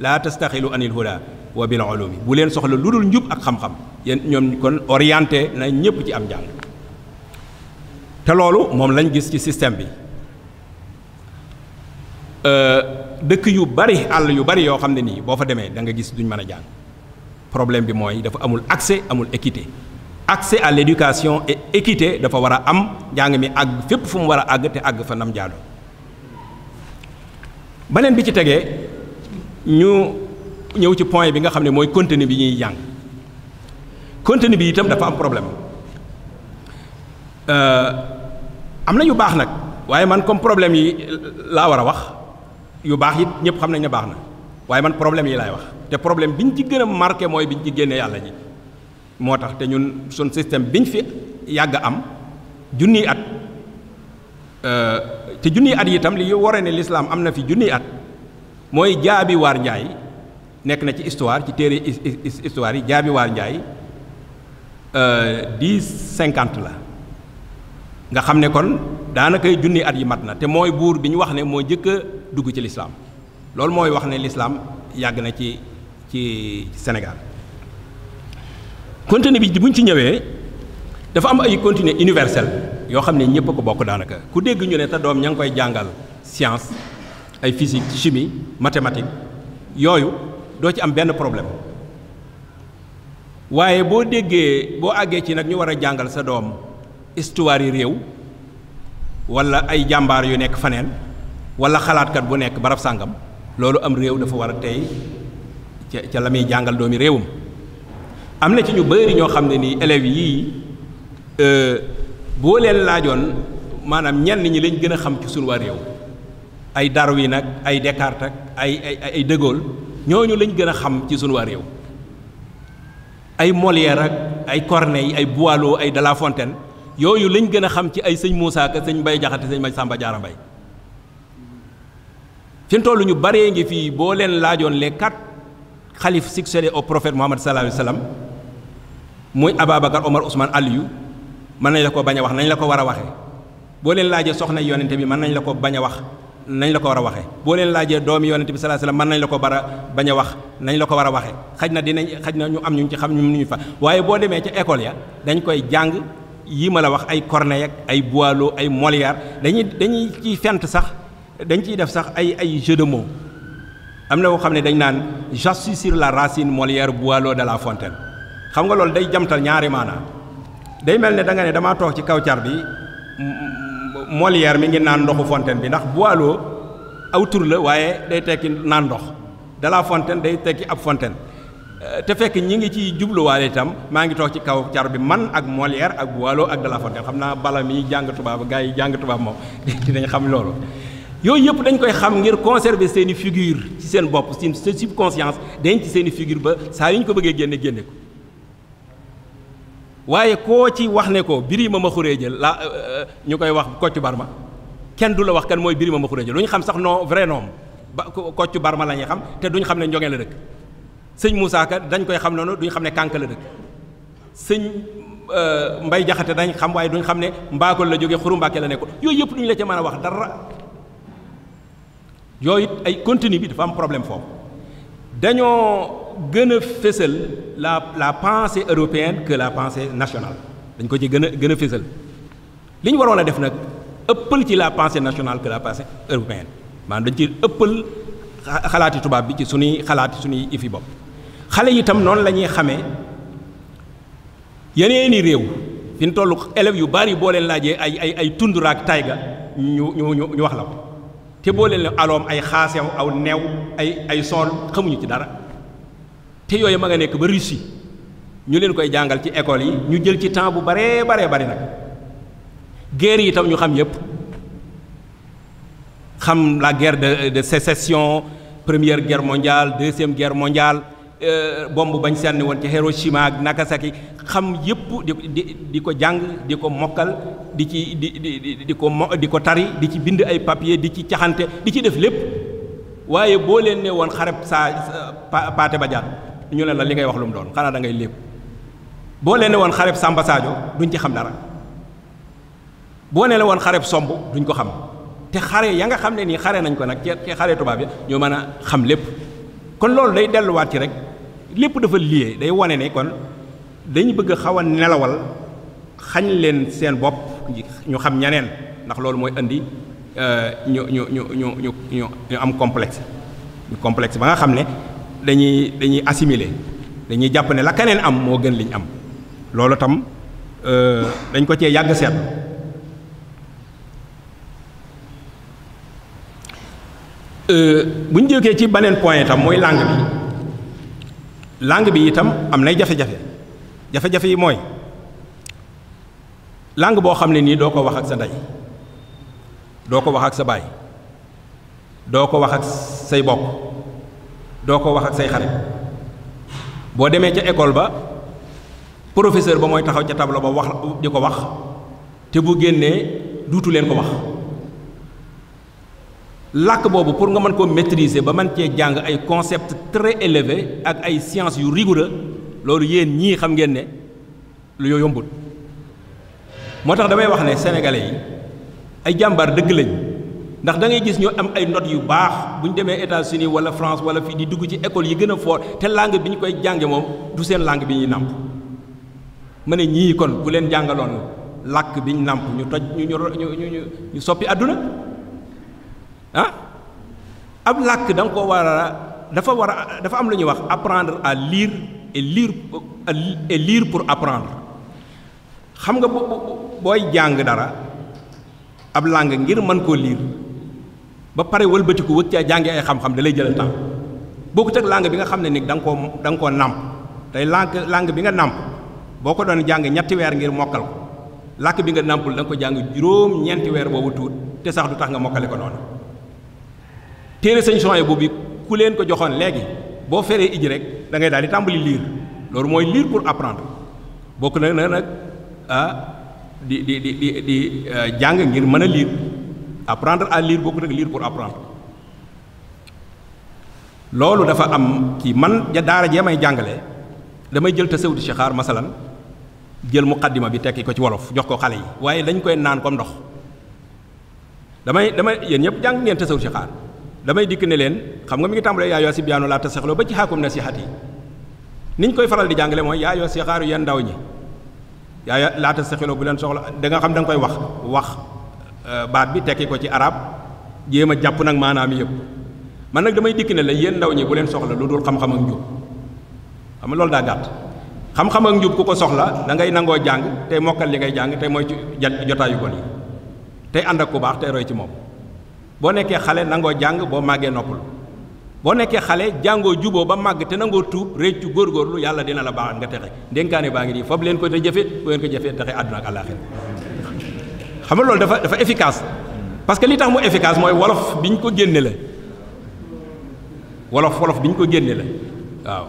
laa tastaxilu anil huda wa bil ulumi bu leen soxla lu dul njub ak xam-xam yéen ñoom kon orienté na ñëpp ci am njàng te loolu moom lañ gis ci système bi euh, dëkk yu bari àll yu bari yoo xam ne nii boo fa demee da nga gis duñ mën a jàng problème bi mooy dafa amul accès amul équité accès à l'éducation et dafa war a am jàng mi àgg fépp fu mu war a àgg te àgg fa nam jaadoo beneen bi ci tegee ñu ñëw ci point bi nga xam ne mooy contenu bi ñuy jàng contenu bi itam dafa am problème Euh, am na yu baax nag waaye man comme problème yi laa war a wax yu baax it ñëpp xam nañ ne baax na waaye man problème yi laay wax te problème bi ñu ci gën a marqué mooy bi ñu ci génnee yàlla ji moo tax te ñun suñ système bi ñu fi yàgg am junniy at euh, te junniy at yi itam li waree ne lislaam am na fi junni at mooy jaabi waar njaay nekk na ci histoire ci téere histoire yi jaabi waar njaay euh, di cinquante la nga xam ne kon daanakay junni at yi mat na te mooy buur bi ñu wax ne moo njëkk a dugg ci lislaam loolu mooy wax ne lislaam yàgg na ci ci Sénégal continent bi buñ ci ñëwee dafa am ay continent universel yoo xam ne ñëpp ko bokk daanaka ku dégg ñu ne te doom ña ngi koy jàngal science ay physique chimie mathématique yooyu doo ci am benn problème waaye boo déggee boo àggee ci nag ñu war a jàngal sa doom histoire yi réew wala ay jàmbaar yu nekk faneen wala xalaatkat bu nekk barab sàngam loolu am réew dafa war a tey ca ca la muy jàngal doomi réewam am na ci ñu bari ñoo xam ne nii élèves yii euh, boo leen laajoon maanaam ñenn ñi lañ gën a xam ci sunu réew ay Darwin nag ay Descartes ak ay ay ay De Gaulle ñooñu lañ gën a xam ci sunu réew ay Molière ak ay Corneille ay Boileau ay De yooyu lañ gën a xam ci ay sëñ Moussa Ka sëñ Mbay Jaxate sëñ Mbay Sàmba Jaara Mbay fi mu toll ñu baree ngi fii boo leen laajoon les quatre xalif succédé au prophète Muhammad sallallahu alayhi wa sallam muy Ababacar Omar Ousmane Aliou mën nañ la ko bañ wax nañ la ko war a waxee boo leen laajee soxna yonente bi mën nañ la ko bañ a wax nañ la ko war a waxee boo leen laajee doomi yonente bi sallallahu alayhi wa sallam mën nañ la ko bara baña wax nañ la ko war a waxee xaj na dinañ xaj na ñu am ñu ci xam ñu ñu fa waaye boo demee ca école ya dañ koy jàng. yii ma la wax ay Corneille ak ay Boileau ay Molière dañuy dañuy ciy fent sax dañ ciy def sax ay ay jeu de mots am na boo xam ne dañ naan je suis la racine Molière Boileau de La Fontaine xam nga loolu day jamtal ñaari maanaa day mel ne danga ne damaa toog ci kaw car bi Molière mi ngi naan ndoxu Fontaine bi ndax Boileau aw tur la waaye day tekki naan ndox de La Fontaine day tekki ab fontaine te fekk ñi ngi ci jubluwaale itam maa ngi toog ci kaw car bi man ak Molière ak Boileau ak De La xam naa bala mi jàng tubaab gars yi jàng tubaab moom dinañ xam loolu yooyu yëpp dañ koy xam ngir conserver seen i figure ci seen bopp seen subconscience dañ ci seen i figure ba saa yu ñu ko bëggee génne génne ko waaye koo ci wax ne ko Birima jël la euh, euh, ñu koy wax Kocc Barma kenn du la wax kan mooy Birima jël lu ñu xam sax non vrai nom ba Kocc Barma la ñuy xam te duñ xam ne Ndiogé la sëñ Moussa Ka dañ koy xam noonu duñ xam ne kànk la dëkk sëñ euh, Mbay Jaxate dañ xam waaye duñ xam ne Mbakol la jóge Xuru la nekkoon yooyu yëpp duñ la ca man a wax dara yooyu ay contenu bi dafa am problème foofu dañoo gën a fësal la la pensée européenne que la pensée national dañ ko ci gën a gën a fësal li ñu waroon a def nag ëppal ci la panse national que la pensée européenne maanaam dañ ci ëppal xalaati tubaab bi ci suñuy xalaati suñuy ifi bopp xale yi noonu la ñuy xamee yeneeni réew fi ñu toll élèves yu bari boo leen laajee ay ay ay tundura ak tayga ñu ñu ñu wax la ko te boo leen aloom ay xaasew aw neew ay ay sool xamuñu ci dara te yooyu ma nga nekk ba Russie ñu leen koy jàngal ci école yi ñu jël ci temps bu baree baree bari nag guerre yi tam ñu xam yépp xam la guerre de de sécession première guerre mondiale deuxième guerre mondiale Euh, bomb bañ sànni woon ci Hiroshima ak Nagasaki xam yëpp di di di ko jàng di ko mokkal di ci di di di ko mo di ko tari di ci bind ay papier di ci caxante di ci def lépp waaye boo leen ne woon xareb saa Paate ba Badiane ñu ne la li ngay wax lu mu doon xanaa da ngay lépp boo leen woon xareb Samba Sadio duñ ci xam dara boo ne la woon xareb Somb duñ ko xam te xare ya nga xam ne nii xare nañ ko nag ci xare tubaab yi ñoo mën a xam lépp kon loolu day delluwaat ci rek lépp dafa lié day wane ne kon dañu bëgg a xaw nelawal xañ leen seen bopp ñu xam ñeneen ndax loolu mooy indi euh, ñu ñu ñu ñu ñu ñu am complexe ñu complexe ba nga xam ne dañuy dañuy assimiler dañuy jàpp ne la keneen am moo gën liñ am loolu tam euh, dañ ko cee yàgg seet Euh, bu ñu jógee ci beneen point itam mooy langue bi langue bi itam am nay jafe-jafe jafe-jafe yi mooy langue boo xam ne nii doo ko wax ak sa ndey doo ko wax ak sa baay doo ko wax ak say bokk doo ko wax ak say xarit boo demee ca école ba professeur ba mooy taxaw ca tablo ba wax di ko wax te bu génnee duutu leen ko wax làkk boobu pour nga mën koo maîtriser ba man cee jàng ay concepts très élevés ak ay sciences yu rigoureux loolu yéen ñii xam ngeen ne lu yoo yombul moo tax damay wax ne sénégalais yi ay jàmbaar dëgg lañ ndax da gis ñu am ay ndot yu baax bu ñu demee États-Unis wala France wala fii di dugg ci école yi gën a fort te làng bi ñu koy jànge moom du seen langue bi ñuy nàmp ma ne ñii kon ku leen jàngaloon làkk bi ñu nàmp ñu toj ñu ñu ñu ñu soppi àdduna Ah? ab làkk danga nga ko war a dafa war a dafa am lu ñuy wax apprendre à liir liir lire pour apprendre xam nga booy jàng dara ab langue ngir mën koo lire ba pare wëlbatiku wëkk caa jàngi ay xam-xam da lay jëlal temps bokkut ak bi nga xam ne nii da nga koo danga nga koo nàmp tey langue bi nga nàmp boo ko doon jàng ñetti weer ngir mokkal ko làkk bi nga nàmpul da ko jàng juróom ñeenti weer boobu tuut te sax du tax nga mokkale ko noonu. téere sëñ Souhaïbou boobu ku leen ko joxoon léegi boo feree iji rek dangay ngay daal di tàmbali liir loolu mooy liir pour apprendre bokk na na nag ah, di di di di eh, jàng ngir mën a liir apprendre à liir bokk nag liir pour apprendre loolu dafa am kii man ja daara jee may jàngale damay jël tasawudu sixaar masalan jël muqaddima bi tekki ko ci wolof jox ko xale yi waaye dañ koy naan comme ndox damay damay yéen ñëpp jàng ngeen tasawudu sixaar damay dikk ne leen xam nga mi ngi tàmbalee yaayoo si biyaanu laa tasaxloo ba ci xaakum nasihat yi niñ koy faral di jàngale mooy yaayo si xaaru yan ndaw ñi yaaya laata tasaxloo bu leen soxla da nga xam da koy wax wax euh, baat bi tekki ko ci arab jéem a jàpp nag maanaam yëpp man nag damay dikk ne yéen ndaw ñi bu leen soxla lu dul xam-xam ak njub xam nga loolu daa gàtt xam-xam ak njub ku ko soxla dangay nangoo jàng tey mokkal li ngay jàng tey mooy jotaayu bon yi tey ànd ak ku baax tey roy ci moom boo nekkee xale nangoo jàng boo màggee noppal boo nekkee xale jàngoo juboo ba màgg te nangoo tuub réccu góorgóorlu yàlla dina la baaxal nga texe ndénkaane baa ngi nii fab leen ko te jëfe bu leen ko jëfee texe àdduna ak àllaaxira xam nga loolu dafa dafa efficace parce que li tax mu efficace mooy wolof bi ñu ko génne la wolof wolof bi ñu ko génnee la waaw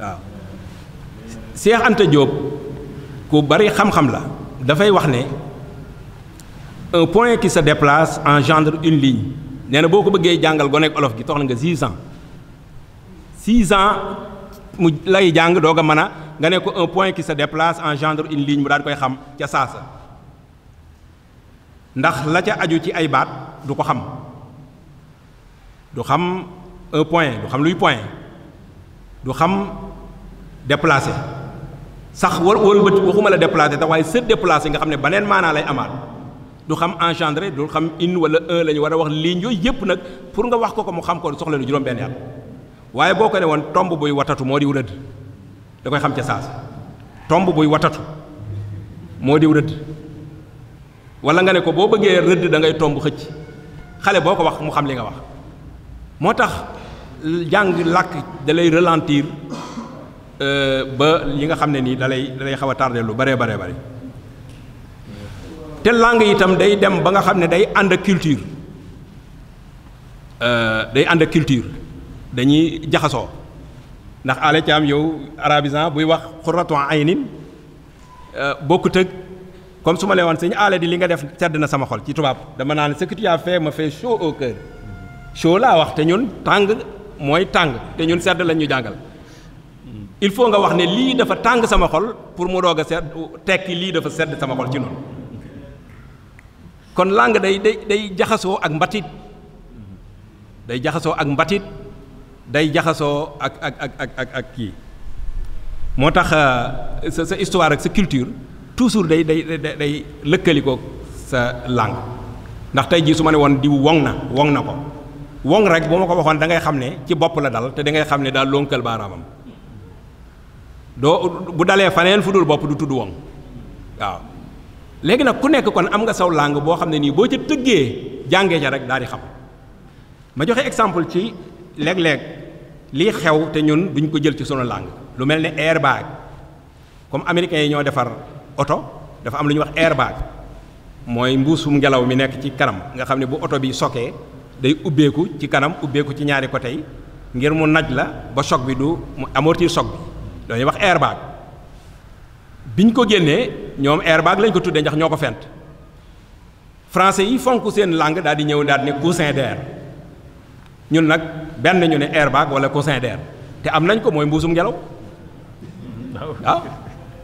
waaw Cheikh Anta Diop ku bari xam-xam la dafay wax ne un point sa se déplace engendre une ligne nee na boo ko bëggee jàngal gone ak olof gi tox na nga six ans six ans mu lay jàng doog a a nga ne ko un point qui se déplace engendre une ligne mu daan koy xam ca saasa ndax la ca aju ci ay baat du ko xam du xam un point du xam luy point du xam déplacé sax wal wal waxuma la déplacé tax waaye se déplacé nga xam ne beneen maanaa lay amaat du xam engendré du xam une wala un e la ñu war a wax ligne yooyu yëpp nag pour nga wax ko ko mu xam ko soxla lu juróom-benn yàlla waaye boo ko ne woon tomb buy watatu moo diw rëdd da koy xam ca saas tomb buy watatu moo diw rëdd wala nga ne ko boo bëggee rëdd da ngay tomb xëcc xale boo ko wax mu xam li nga wax moo tax jàng làkk da lay ralentir euh, ba li nga xam ne nii da lay da lay xaw a tardé lu baree baree bari te langue itam day dem ba nga xam ne day ànd ak culture euh, day ànd ak culture dañuy jaxasoo ndax ale ci am yow arabisan buy wax xurratu aynin euh, bokkut ak comme su ma lee woon sëñ ale di li nga def sedd na sama xol ci tubaab dama naan ce que tu ma fait me fait chaud au cœur laa wax te ñun tàng mooy tàng te ñun sedd lañ ñu jàngal il faut nga wax ne lii dafa tàng sama xol pour mu doog a sedd tekki lii dafa sedd sama xol ci noonu kon langue day day day jaxasoo ak mbatit day jaxasoo ak mbatit day jaxasoo ak ak ak kii moo tax euh, sa sa histoire ak sa culture toujours day day day lëkkalikook sa langue ndax tey jii su ma ne woon diw woŋ na woŋ na ko woŋ rek bu ma ko waxoon da ngay xam ne ci bopp la dal te da ngay xam ne daal lonkal baaraamam doo bu dalee faneen fu dul bopp du tudd woŋ waaw léegi nag ku nekk kon am nga saw làng boo xam ne nii boo ca tëggee jàngee ca rek daal di xam ma joxe exemple ci léeg-léeg lii xew te ñun duñ ko jël ci sunu làng lu mel ne airbag comme américains yi ñoo defar oto dafa am lu ñuy wax airbag mooy mbuusum ngelaw mi nekk ci kanam nga xam ne bu oto bi sokee day ubbeeku ci kanam ubbeeku ci ñaari côté yi ngir mu naj la ba choc bi du mu amortir choc bi dañuy wax airbag bi ñu ko génnee ñoom airbag lañ ko tuddee ndax ñoo ko fent français yi fonk seen langue daal di ñëw daal ni coussin d'air ñun nag benn ñu ne airbag wala coussin d'air te am nañ ko mooy mbuusum ngelaw waaw ah,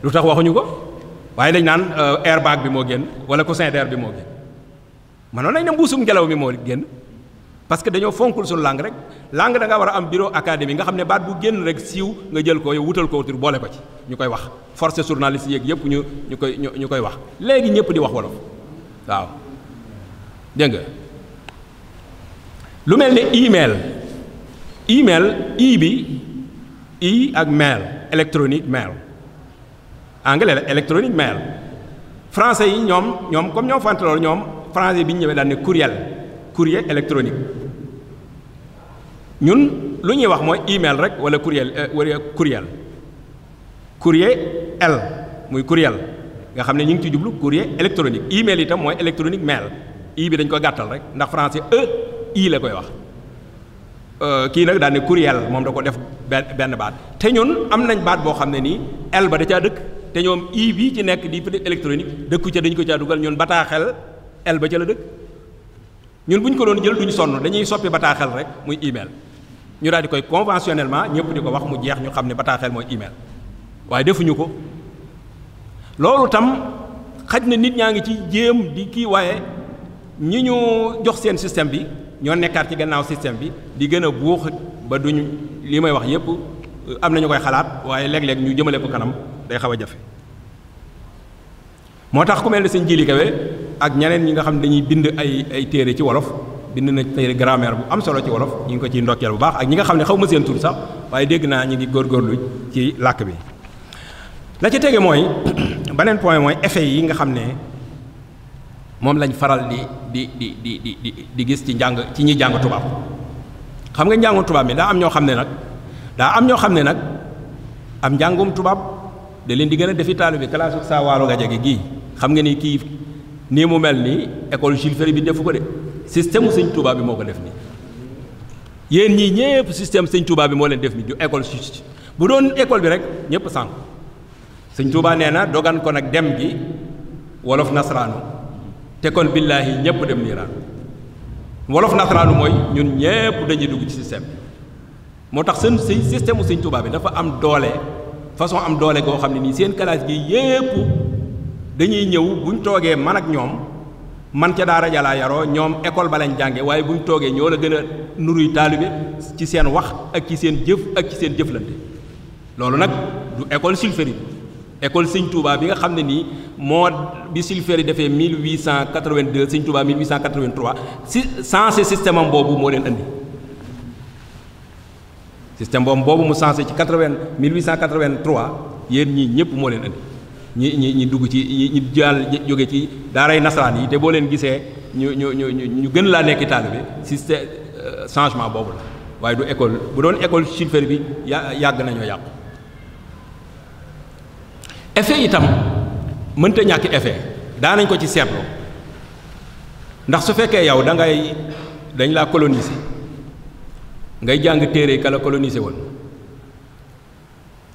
lu tax waxuñu ko waaye dañ naan euh, airbag bi moo génn wala coussin d'air bi moo génn mënoon nañ ne mbuusum ngelaw mi moo génn parce que dañoo fonkul suñu langue rek langue da war a am bureau académie nga xam ne baat bu génn rek siiw nga jël ko wutal ko tur boole ko ci ñu koy wax forcé journaliste yeeg yëpp ñu ñu koy ñu koy wax léegi ñëpp di wax wolof waaw dégg nga lu mel ni email email i bi i ak mail électronique mail anglais la électronique mail français yi ñoom ñoom comme ñoom fànte ñoom français bi ñu ñëwee daan ne courriel courrier ñun lu ñuy wax mooy email rek wala courriel euh, wala courriel courrier L muy courriel nga xam ne ñu ngi ci jublu courrier électronique email itam mooy électronique mail i bi dañ ko gàttal rek ndax français e i la koy wax euh, kii nag daal ne moom da ko def benn baat te ñun am nañ baat boo xam ne nii el ba da caa dëkk te ñoom i bii ci nekk di électronique dëkku ca dañ ko caa dugal ñun bataaxel L ba ca la dëkk ñun bu ñu ko doon jël duñu sonn dañuy soppi bataaxel rek muy email ñu daal di koy conventionnellement ñëpp di ko wax mu jeex ñu xam ne bataaxel mooy email waaye defuñu ko loolu tam xaj na nit ñaa ngi ci jéem di kii waaye ñi ñu jox seen système bi ñoo nekkaat ci gannaaw système bi di gën a buux ba duñ li may wax yépp euh, am na ñu koy xalaat waaye léeg-léeg ñu jëmale ko kanam day xaw a jafe moo tax ku mel ne sëñ Jili Kawe ak ñeneen ñi nga xam ne dañuy bind ay ay téere ci wolof bind na tey grammaire bu am solo ci wolof ñu ngi ko ciy ndokkeel bu baax ak ñi nga xam ne xaw ma seen tur sax waaye dégg naa ñu ngi góorgóorlu ci làkk bi la ci tege mooy beneen point mooy effet yi nga xam ne moom lañ faral di di di di di gis ci njàng ci ñi jàng tubaab xam nga njàngu tubaab mi daa am ñoo xam ne nag daa am ñoo xam ne nag am njàngum tubaab da di gën a defi taalu bi classe saa waalo nga jege gii xam nga ni kii nii mu mel ni école Jules bi defu système sëñ tubaab bi moo ko def nii yéen ñii ñëpp système sëñ tubaab bi moo leen def nii du école juste bu doon école bi rek ñëpp sànq sëñ Touba nee na dogan ko nag dem gi wolof nasaraanu te kon billaahi ñëpp dem niiraan wolof nasaraanu mooy ñun ñëpp dañuy dugg ci système moo tax seen sëñ système u sëñ Touba bi dafa am doole façon am doole goo xam ne nii seen classe gi yépp dañuy ñëw buñ toogee man ak ñoom. man ca daara jalaa yaroo ñoom école ba lañ jànge waaye buñ toogee ñoo la gën a nuruy taalibe ci seen wax ak ci seen jëf ak ci seen jëflante loolu nag du école Syllféri école Sëñ Touba bi nga xam ne nii moo bi Syllféri defee 1882 Sëñ Touba 1883 si sensé am boobu moo leen andi système boobu mu sensé ci 80 1883 yéen ñii ñëpp moo leen andi. ñi ñi ñi dugg ci ñi ñi jóge ci daaray nasaraan yi te boo leen gisee ñu ñu ñu ñu gën laa nekk taalibe système euh, changement boobu la waaye du école bu doon école Schulfer bi ya yàgg nañoo yàqu. effet itam mënta ñàkk effet daanañ ko ci seetlu ndax su fekkee yow da ngay dañ laa coloniser ngay jàng téere kala coloniser woon.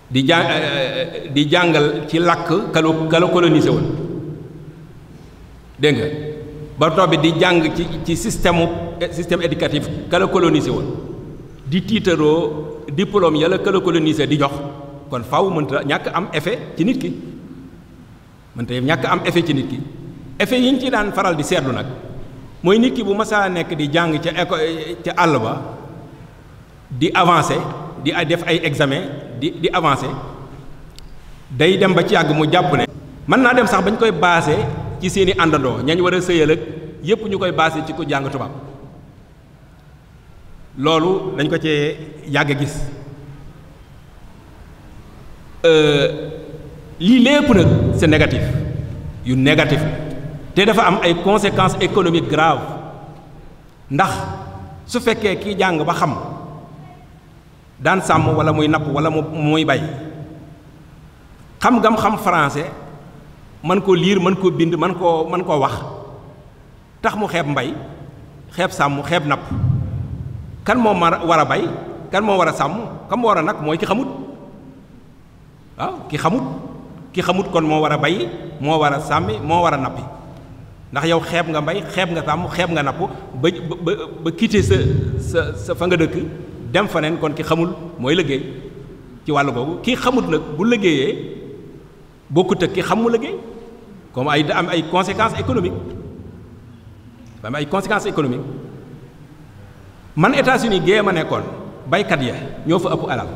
di jàng eh, eh, di jàngal ci làkk kala kala colonisé woon dégg nga ba toog di jàng ci ci système eh, système éducatif kala colonisé woon di tiitaroo diplôme yàlla kala colonisé di jox kon faw mënta ñàkk am effet ci nit ki mënta ñàkk am effet ci yi ñu ci daan faral di seetlu nag mooy nit ki bu masaa nekk di jàng ca école ca àll ba di avancé di def ay examen di di avancer day dem ba ci yàgg mu jàpp ne mën naa dem sax bañ koy baase ci seeni àndandoo ñañ war a sëyal ak yépp ñu koy baase ci ku jàng tubaab loolu dañ ko cee yàgg gis euh, lii lépp nag c'est négatif yu négatif te dafa am ay conséquences économiques graves ndax su fekkee kii jàng ba xam daan sàmm wala muy napp wala mu muy bay xam gam xam français man koo liir man koo bind man koo man koo wax tax mu xeeb mbay xeeb sàmm xeeb napp kan moo ma war a bay kan moo war a sàmm kam nag mooy ki xamut waaw ki xamut ki xamut kon moo war a bay moo war a sàmmi moo war a nappi ndax yow xeeb nga mbay xeeb nga sàmm xeeb nga napp ba ba ba sa sa sa fa nga dëkk dem faneen kon ki xamul mooy liggéey ci wàll googu kii xamut nag bu liggéeyee bokkut ak ki xam mu liggéey comme ay da am ay conséquences économiques am ay conséquences économiques man États-Unis gée ma nekkoon baykat ya ñoo fa ëpp alal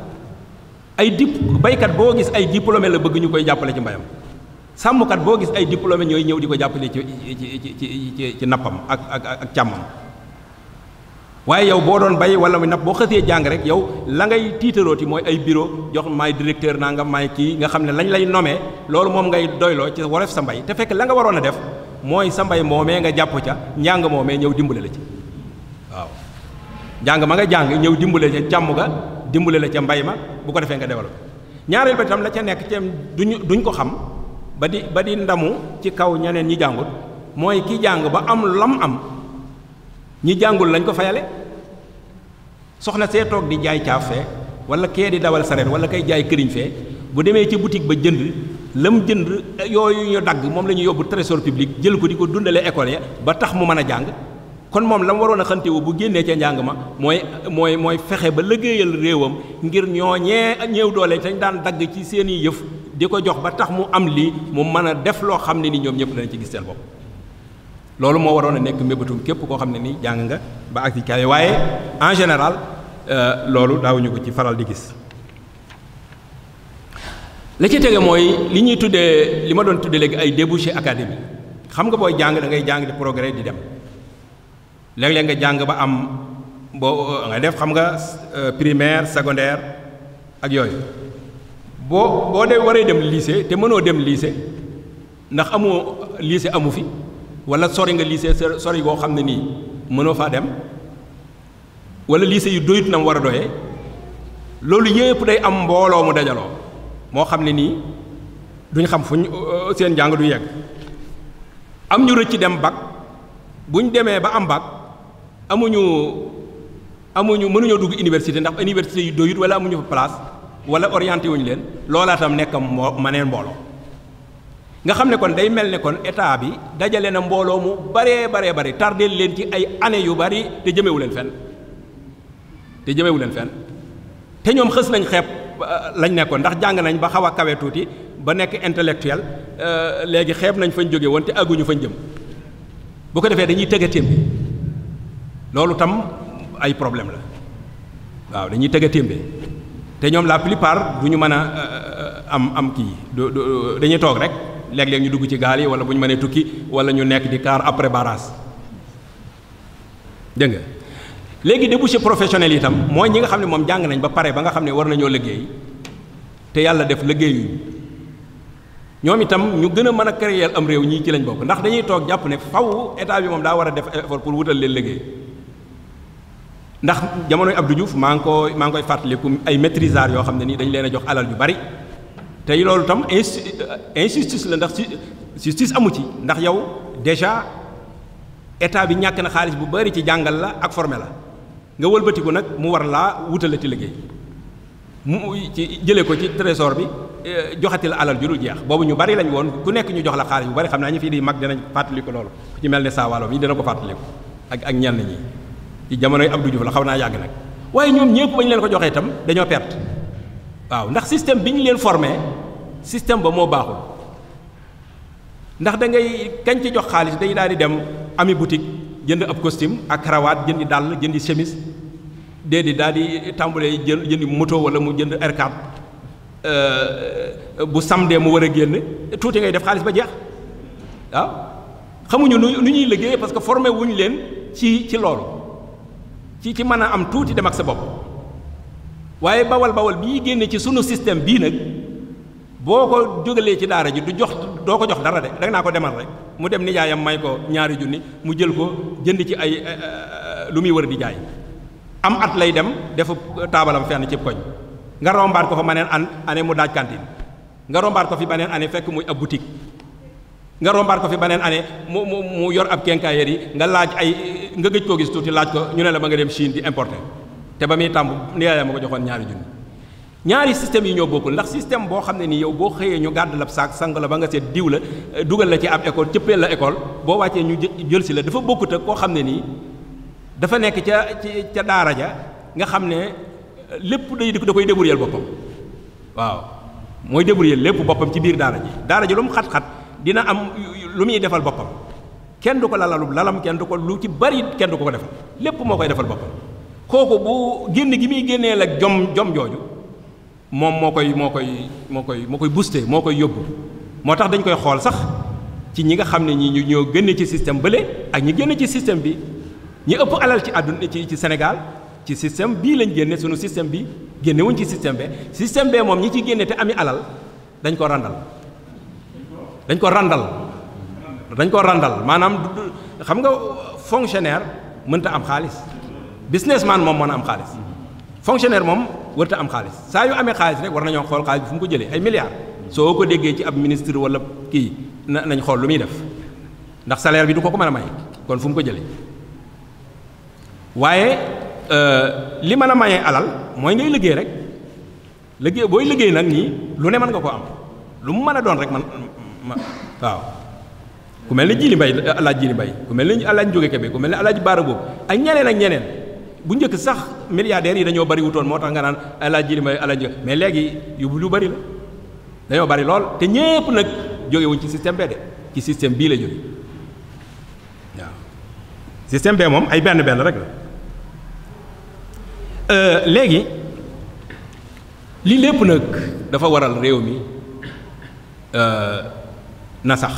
ay dip baykat boo gis ay diplômé la bëgg ñu koy jàppale ci mbayam sàmmkat boo gis ay diplômé ñooy ñëw di ko jàppale ci ci ci ci ci nappam ak ak ak càmmam waaye yow boo doon bay wala nag boo xësee jàng rek yow la ngay tiitarooti mooy ay bureau jox maay directeur naa nga maay kii nga xam ne lañ lay nomee loolu moom ngay doyloo ci wareef sa mbay te fekk la nga waroon a def mooy sa mbay moomee nga jàpp ca njàng moomee ñëw dimbale la ci waaw njàng ma nga jàng ñëw dimbale ca càmm ga dimbale la ca mbay ma bu ko defee nga développé ñaareel ba tam la ca nekk tam duñu duñ ko xam ba di ba di ndamu ci kaw ñeneen ñi jàngut mooy ki jàng ba am lam am ñi jàngul lañ ko fayale soxna see toog di jaay caaf fee wala kee di dawal sareet wala kay jaay këriñ fee bu demee ci boutique ba jënd lam jënd yooyu ñu dagg moom la ñu yóbbu trésor public jël ko di ko dundalee école ya ba tax mu mën a jàng kon moom la mu waroon a xantewu bu génnee ca njàng ma mooy mooy mooy fexe ba liggéeyal réewam ngir ñooñee ñëw doole dañ daan dagg ci seen i yëf di ko jox ba tax mu am lii mu mën a def loo xam ne ni ñoom ñëpp dana ci gis seen bopp loolu moo waroon a nekk mébétum képp koo xam ne ni jàng nga ba ak si kawe waaye en général euh, loolu daawuñu ko ci faral di gis la ci tege mooy li ñuy tuddee li ma doon tuddee léegi ay débouché académique xam nga booy jàng da ngay jàng di progrès di dem léeg-léeg nga jàng ba am boo nga def xam nga euh, primaire secondaire ak yooyu boo boo de waree dem lycée te mënoo dem lycée ndax amoo lycée amu fi wala sori nga lycée sori goo xam ne nii mënoo faa dem wala lycée yu doyut na mu war a doyee loolu yépp day am mbooloo mu dajaloo moo xam ne nii duñ xam fuñ euh, seen njàng du yegg am ñu rëcc dem bac buñ demee ba am bac amuñu amuñu mënuñoo dugg université ndax université yu doyut wala amuñu fa place wala orienté wuñu leen loolaatam tam nekk moo maneen mbooloo nga xam ne kon day mel ne kon état bi dajale na mbooloo mu baree baree bari tardeel leen ci ay années yu bari te jëmewu leen fenn te jëmewu leen fen te ñoom xës nañ xeeb euh, lañ nekkoon ndax jàng nañ ba xaw a kawe tuuti ba nekk intellectuel euh, léegi xeeb nañ fañ jóge woon te àgguñu fañ jëm bu ko defee dañuy tëggatéem bi loolu tam ay problème la waaw dañuy tëggatéem bi te ñoom la plupart du ñu mën a euh, am am kii dañuy toog rek. léeg-léeg ñu dugg ci gaal yi wala bu ñu mënee tukki wala ñu nekk di kaar après barrage dégg nga léegi débouché professionnel itam mooy ñi nga xam ne moom jàng nañ ba pare ba nga xam ne war nañoo liggéey te yàlla def liggéeyuñ ñoom itam ñu gën a mën a créer am réew ñii ci lañ bokk ndax dañuy toog jàpp ne faw état bi moom daa war a def effort pour wutal leen liggéey ndax jamonoy Abdou Diouf maa ngi ko maa ngi koy fàttaliku ay maîtrisards yoo xam ne nii dañ leen a yu bari tey loolu tam injustice la ndax justice amu ci ndax yow déjà état bi ñàkk na xaalis bu bari ci jàngal la ak formé la nga wëlbatiku nag mu war laa wutalati liggéey mu ci jëlee ko ci trésor bi eh, joxati la alal ju dul jeex boobu ñu bari lañ woon ku nekk ñu jox la xaalis bu bari xam naa ñu fii di mag dinañ fàttali ko loolu ku ci mel ne saawaalo bi dina ko fàttaliku ak ñan ñenn ñi ci jamonoy Abdou Diouf la xaw naa yàgg nag waaye ñoom ñëpp bañ leen ko joxee itam dañoo perte waaw ndax système bi ñu leen formé système ba moo baaxul ndax da ngay kañ ci jox xaalis day daal di dem ami boutique jënd ab costume ak karawaat jëndi dàll jëndi chemise dee di daal di tàmbalee jël jëndi moto wala mu jënd R4 euh, bu samdee mu war a génn tuuti ngay def xaalis ba jeex waaw xamuñu nu lu ñuy liggéey parce que formé wuñu leen ci ci loolu ci ci mën a am tuuti dem ak sa bopp. waaye bawal bawal bii génne ci sunu système bii nag boo ko jógalee ci daara ji du jox doo ko jox dara de da naa ko demal rek mu dem nijaayam may ko ñaari junni mu jël ko jënd ci ay eh, eh, lu muy wër di jaay am at lay dem defu taabalam fenn ci koñ nga rombaat ko fa ma neen an année mu daaj kantin nga fi beneen année fekk muy ab boutique nga rombaat fi beneen année mu mu mu yor ab quincaillerie yi nga laaj ay nga gëj koo gis tuuti laaj ko ñu ne la ba nga dem Chine di importer. te ba muy tàmb niyaayam ma ko joxoon ñaari junni ñaari système yi ñoo bokkul ndax système boo xam ne nii yow boo xëyee ñu gàdd la saak sang la ba nga seet diw la eh, dugal la ci ab école cëppeel la école boo wàccee ñu jël si la dafa bokkute koo xam ne nii dafa nekk ca ca daara ja nga xam ne eh, lépp day da koy débrouiller boppam waaw mooy débrouiller lépp boppam ci biir daara ji daara ji lu mu xat-xat dina am lu muy defal boppam kenn du ko lalalub lalam kenn du ko lu ci bari kenn du ko ko defal lépp moo koy defal boppam kooku bu génn gi muy génnee la jom jom jooju moom moo koy moo koy moo koy moo koy booster moo koy yóbbu moo tax dañ koy xool sax ci ñi nga xam ne ñi ñu ñoo génne ci système bële ak ñi génne ci système bi ñi ëpp alal ci àdduna ci ci Sénégal ci système bii lañ génne sunu système bi génnewuñ ci système be système bee moom ñi ci génne te ami alal dañ ko randal dañ ko randal dañ ko randal maanaam xam nga fonctionnaire mënta am xaalis businessman moom moo a am xaalis fonctionnaire moom warta am xaalis saa yu amee xaalis rek war nañoo xool xaalis bi fu mu ko jëlee ay milliards soo ko déggee ci ab ministre wala kii na nañ xool lu muy def ndax salaire bi du ko ko mën a may kon fu mu ko jëlee waaye euh, li mën a mayee alal mooy ngay liggéey rek liggéey booy liggéey nag nii lu ne mën nga ko am lu mu mën a doon rek man waaw ku mel ni Jili Mbay alaaj Jili Mbay ku mel ni alaaj Njóge Kebe ku mel ni alaaj Baara boobu ak ñeneen ak ñeneen bu njëkk sax milliardaires yi dañoo bari wutoon moo tax nga naan alaa ji li may alaa mais léegi yu lu bari la dañoo bari lool te ñépp nag jóge ci système bee de ci système bii la jóge waaw système bee moom ay benn benn rek la euh, léegi lii lépp nag dafa waral réew mi euh, na sax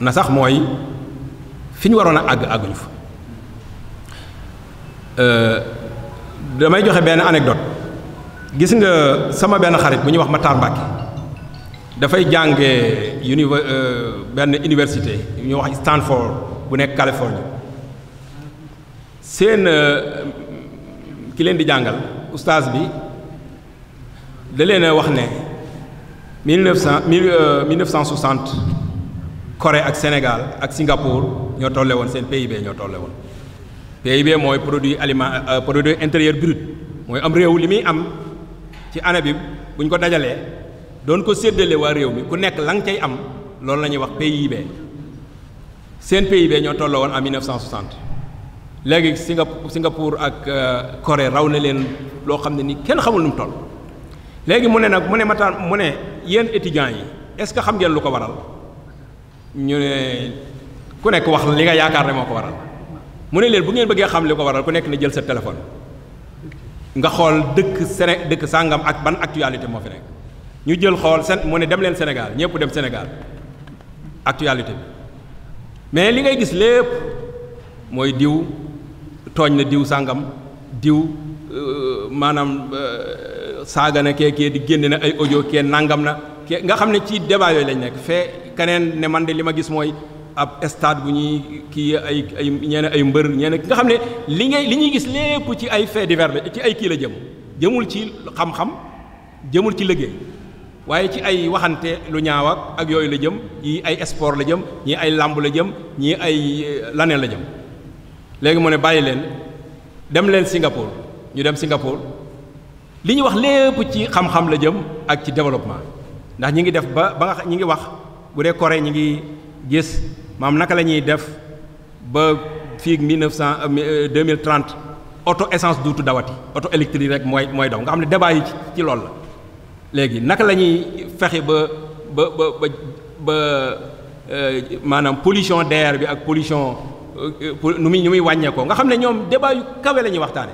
na sax mooy fi ñu waroon a àgg àgguñu fa. Euh, damay joxe benn anecdote gis nga sama benn xarit bu ñuy wax Matar Mbacke dafay jàngee univer euh, benn université yu ñuy wax Stanford bu nekk Californie seen euh, ki leen di jàngal oustaz bi da na wax ne mille neuf cent mille neuf cent soixante Corée ak Sénégal ak Singapour ñoo tolle woon seen PIB ñoo tolle woon PIB mooy produit aliment euh, euh, produit intérieur brut mooy am réew li muy am ci année bi bu ko dajalee doon ko séddale waa réew mi ku nekk la nga cay am loolu la ñuy wax PIB seen PIB ñoo tolloo woon en 1960 léegi Singapour Singapour ak euh, Corée raw na leen loo xam ne ni kenn xamul nu mu toll léegi mu ne nag mu ne mataan mu ne yéen étudiants yi est-ce que xam ngeen lu ko waral ñu ne ku nekk wax li nga yaakaar ne moo ko waral mu ne leen bu ngeen bëggee xam li ko waral ku nekk na jël sa téléphone nga xool dëkk Séné dëkk sàngam ak ban actualité moo fi nekk ñu jël xool seen mu ne dem leen Sénégal ñëpp dem senegal actualité bi mais li ngay gis lépp mooy diw tooñ na diw sàngam diw euh, maanaam euh, saaga na kee kee di génne na ay audio kee nangam na kee nga xam ne ci débat yooyu lañ nekk fee keneen ne man de li ma gis mooy ab stade bu ñuy kii ay ay ñeene ay mbër ñeene ki nga xam ne li ngay li ñuy gis lépp ci ay fait divers la ci ay kii la jëm jëmul ci xam-xam jëmul ci liggéey waaye ci ay waxante lu ñaaw ak ak yooyu la jëm yi ay sport la jëm ñii ay làmb la jëm ñii ay eh, laneen la jëm léegi mu ne bàyyi leen dem leen Singapour ñu dem Singapour li ñu wax lépp ci xam-xam la jëm ak ci développement ndax ñi ngi def ba ba nga ñi ngi wax bu dee Corée ñi ngi gis maam naka la ñuy def ba fii ak 1900 2030 euh, euh, auto essence duutu dawati auto électrique rek mooy mooy daw nga xam ne débat yi ci loolu la léegi naka la ñuy fexe ba ba ba ba ba euh, maanaam pollution d'air bi ak pollution nu muy nu muy wàññeekoo nga xam ne ñoom débat yu kawe la ñuy waxtaane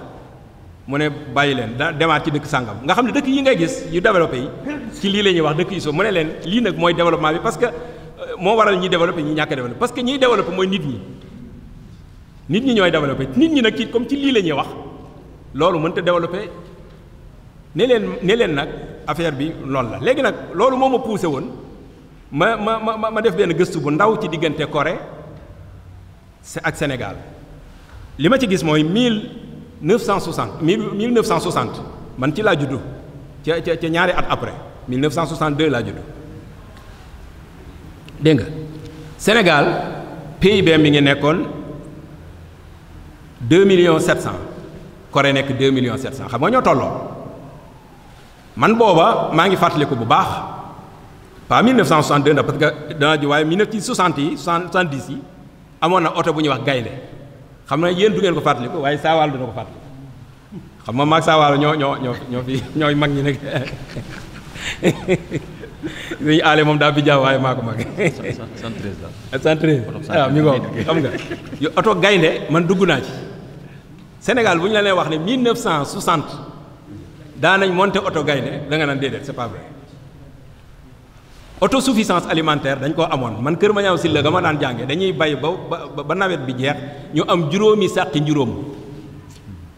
mu ne bàyyi leen da demaat ci dëkk sàngam nga xam ne dëkk yi ngay gis yu développé yi ci lii la ñuy wax dëkk yi so mu ne leen lii nag mooy développement bi parce que moo waral ñi développé ñi ñàkk développé parce que ñiy développé mooy nit ñi nit ñi ñooy développé nit ñi nag ci comme ci lii la wax loolu mënta développé ne leen leen nag affaire bi loolu la léegi nag loolu moom ma poussé woon ma ma ma ma def benn gëstu bu ndaw ci diggante Corée ak Sénégal li ma ci gis mooy mille neuf cent soixante mille neuf cent soixante man ci laa juddu ca ca ca ñaari at après mille neuf cent soixante deux laa juddu dégg nga Sénégal PIB mi ngi nekkoon deux millions sept cent Corée nekk deux millions sept cent xam nga ñoo tolloo man booba maa ngi fàttaliku bu baax pas 1962 ndax parce que dana ji waaye 1960 yi 70 yi amoon na oto bu ñu wax gaynde xam na yéen du ngeen ko fàttaliku waaye saawaal dina ko fàttaliku xam nga maag saawaal ñoo ñoo ñoo ñoo fi ñooy mag ñi nag sëñ Allé moom daa bi jaaw waaye maa ko mag. 113 la. 113 waaw mi ngi wax xam nga. yu oto gaynde man dugg naa ci. Sénégal bu ñu la nee wax ne 1960 daan nañ monté oto gaynde da nga naan déedéet c'est pas vrai. autosuffisance alimentaire dañ koo amoon man Kër Mañaaw Silla ga ma daan jànge dañuy bay ba ba nawet bi jeex ñu am juróomi sàqi njuróom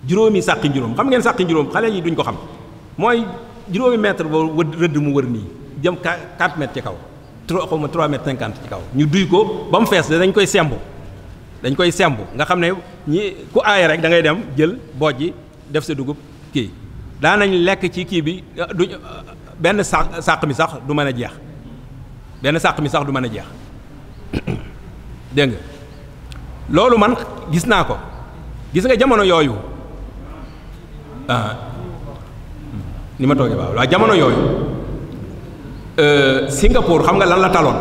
juróomi sàqi njuróom xam ngeen sàqi njuróom xale yi duñ ko xam mooy juróomi mètre ba wë rëdd mu wër nii. jëm 4 mètres ci kaw 3 xaw ma 3 ci kaw ñu duy ko ba mu fees dañ koy semb dañ koy semb nga xam ne ñi ku aay rek da ngay dem jël booj ji def sa dugub kii daanañ lekk ci kii bi euh, du euh, benn sàq sàq mi sax du mën a jeex benn sàq mi sax du mën a jeex dégg nga loolu man gis naa ko gis nga jamono yooyu ah. hmm. ni ma toogee waaw waaw jamono yooyu Euh, Singapour xam nga lan la taloon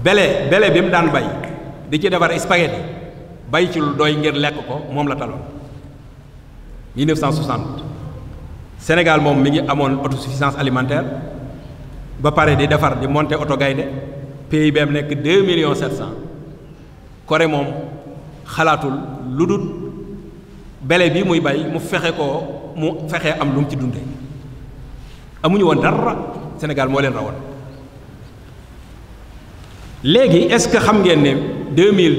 bele bele bi mu daan bay di ci defar spaghetti bay ci lu doy ngir lekk ko moom la taloon 1960 Sénégal moom mi ngi amoon autosuffisance alimentaire ba pare di defar di monter oto gaynde PIB nekk 2 millions 700 Corée moom xalaatul lu dul bele bi muy bay mu fexe ko mu fexe am lu mu ci dunde amuñu woon dara. Sénégal moo leen rawoon léegi est-ce que xam ngeen ne deux mille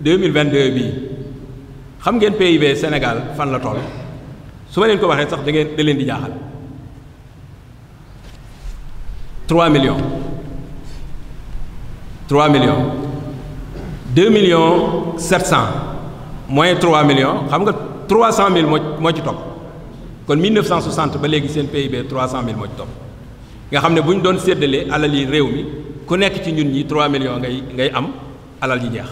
deux mille vingt deux bii xam ngeen PIB Sénégal fan la toll su ma leen ko waxee sax da ngeen da leen di jaaxal trois millions trois millions deux millions sept cent moins trois millions xam nga trois cent mille moo moo ci topp kon mille neuf cent soixante ba léegi seen PIB trois cent mille moo ci topp. nga xam ne bu ñu doon séddalee alal yi réew mi ku nekk ci ñun ñi 3 millions ngay ngay am alal yi jeex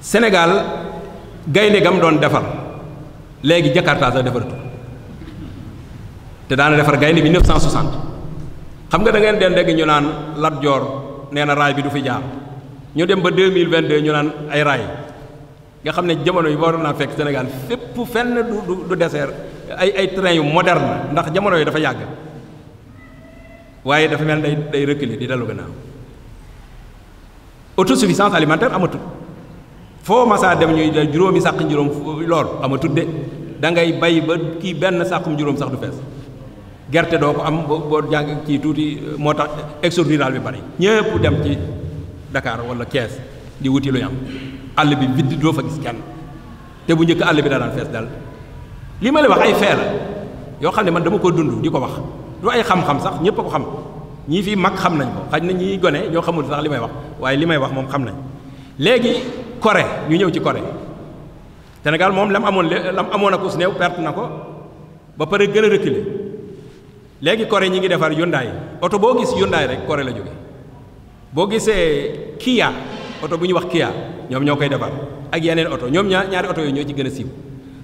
Sénégal gaynde gam doon defar léegi Jakarta sax defaratu te daana defar gaynde bi 1960 xam nga da ngeen den dégg ñu naan Lat Joor nee na raay bi du fi jaar ñu dem ba vingt 2022 ñu naan ay raay nga xam ne jamono yi waroon naa fekk Sénégal fépp fenn du du désert ay ay train yu moderne ndax jamono yi dafa yàgg waaye dafa mel day day reculer di dellu gannaaw autosuffisance alimentaire amatul foo masaa dem ñuy da juróomi sàq juróom loolu amatul de dangay bay ba kii benn sàqum juróom sax du fees gerte doo ko am boo jàng ci tuuti moo tax exode bi bari ñëpp dem ci Dakar wala Thiès di wuti lu am àll bi vide doo fa gis kenn te bu njëkk àll bi daa fees dal li ma la wax ay fee yoo xam ne man dama ko dund di ko wax du ay xam-xam sax ñëpp a ko xam ñii fii mag xam nañ ko xaj na ñiy gone ñoo xamul sax li may wax waaye li may wax moom xam nañ léegi Corée ñu ñëw ci Corée senegal moom lam amoon lam amoon ko us néew perte na ko ba pare gën a reculer léegi Corée ñi ngi defar Hyundai oto boo gis Hyundai rek Corée la jóge boo gisee Kia oto bu ñuy wax Kia ñoom ñoo koy defar ak yeneen oto ñoom ñaar ñaari oto yooyu ñoo ci gën a siiw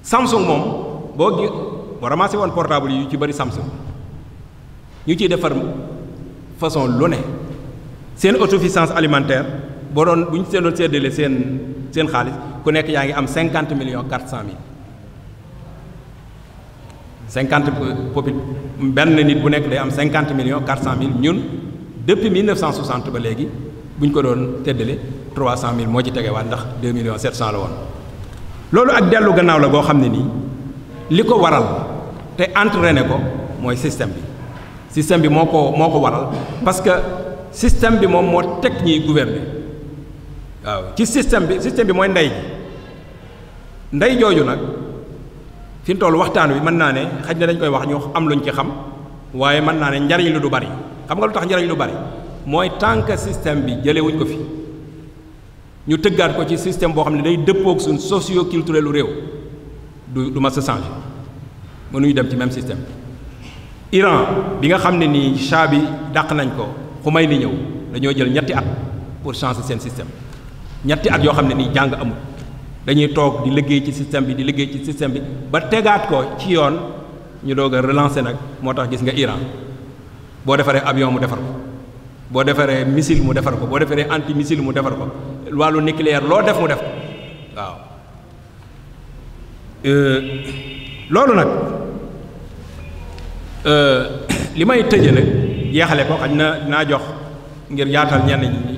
Samsung moom boo gi boo woon portable yu ci bëri Samsung ñu ci defar façon lu ne seen autosuffisance alimentaire boo doon bu ñu seen doon séddale seen seen xaalis ku nekk yaa ngi am cinquante million quatre cent mille cinquante popi benn nit bu nekk day am cinquante millions quatre cent mille ñun depuis mille neuf cent soixante ba léegi bu ñu ko doon séddale trois cent mille moo ci tegewaat ndax deux millions sept cent la woon loolu ak dellu gannaaw la boo xam ne nii li ko waral te entraîné ko mooy système bi système bi moo ko moo ko waral parce que système bi moom moo teg ñiy gouverner waaw ci système bi système bi mooy ndey ji ndey jooju nag fi mu toll waxtaan wi mën naa ne xaj na dañ koy wax ñu am luñ ci xam waaye mën naa ne njariñ lu du bari xam nga lu tax njariñ lu bari mooy tànk système bi jëlewuñ ko fi ñu tëggaat ko ci système boo xam ne day dëppook suñ socio culturel lu réew du du mas a changé mënuñu dem ci même système Iran bi nga xam ne nii Shah bi dàq nañ ko xumay ni ñëw dañoo jël ñetti at pour chance seen système ñetti at yoo xam ne nii jàng amul dañuy toog di liggéey ci système bi di liggéey ci système bi ba tegaat ko ci yoon ñu doog a relancer nag moo tax gis nga Iran boo defaree avion mu defar ko boo defaree missile mu defar ko boo defaree anti missile mu defar ko wàllu nucléaire loo def mu def ko waaw Euh, loolu nag euh, li may tëje nag yeexale ko xañ na naa jox ngir yaatal ñenn ñi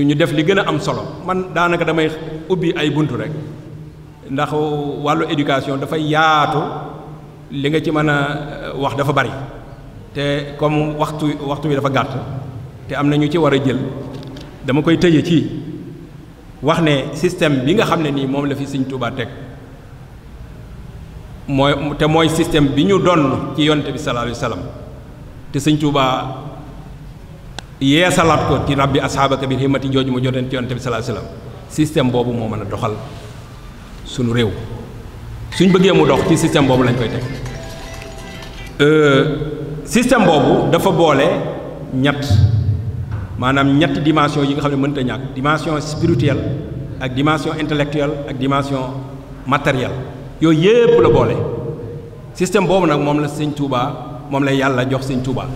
ñu ñu def li gën a am solo man daanaka damay ubbi ay buntu rek ndax wàllu éducation dafay yaatu li nga ci mën a euh, wax dafa bari te comme waxtu waxtu wi dafa gàtt te am na ñu ci war a jël dama koy tëje ci wax ne système bi nga xam ne nii moom la fi siñ Tuubaa teg mooy te mooy système bi ñu donn ci yonte bi sallallahu alayhi te sëñ Tuubaa yeesalaat ko ci rabbi asxaabaka bil himmati jooju mu joteen ci yonte bi sallallahu alayhi wa sallam système boobu moo mën a doxal suñu réew suñ bëggee mu dox ci système boobu lañ koy teg euh, système boobu dafa boole ñett maanaam ñetti dimension yi nga xam ne mënta ñàkk dimension spirituelle ak dimension intellectuelle ak dimension matériel yooyu yépp la boole système boobu nag moom la sëñ Touba moom la yàlla jox sëñ Touba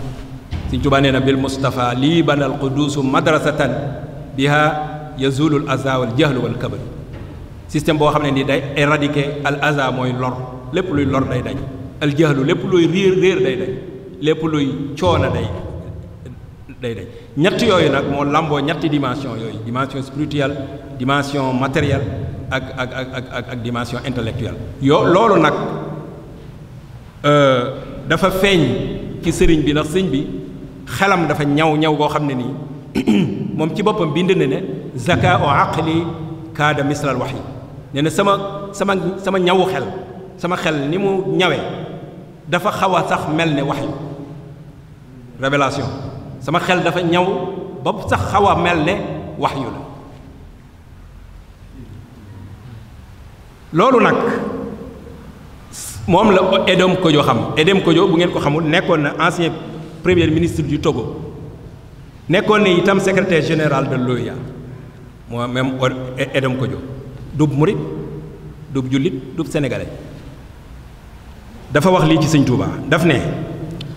sëñ Touba nee na bil Mustafa lii banal quduusu madrasatan biha yazulul aza wal jahlu wal kabari système boo xam ne ni day éradiquer al aza mooy lor lépp luy lor day dañ al jahlu lépp luy réer réer day dañ lépp luy coono day day dañ ñetti yooyu nag moo lamboo ñetti dimension yooyu dimension spirituelle dimension matérielle ak ak ak ak ak dimension intellectuelle yoo loolu nag euh, dafa feeñ ci sëriñ bi ndax sëñ bi xelam dafa ñaw ñaw goo xam ne nii moom ci boppam bind na ne zaka o aqli kaada mislal wax yi nee na sama sama sama ñawu xel sama xel ni mu ñawe dafa xaw a sax mel ne wax yi révélation sama xel dafa ñaw ba sax xaw mel ne wax yu la loolu nag moom la Edom Kodjo xam Edom Kodjo bu ngeen ko xamul nekkoon na ancien premier ministre du Togo nekkoon na itam secretaire général de l'OUA moo même Edom Kodjo dub murit dub jullit dub sénégalais dafa wax lii ci sëñ Touba daf ne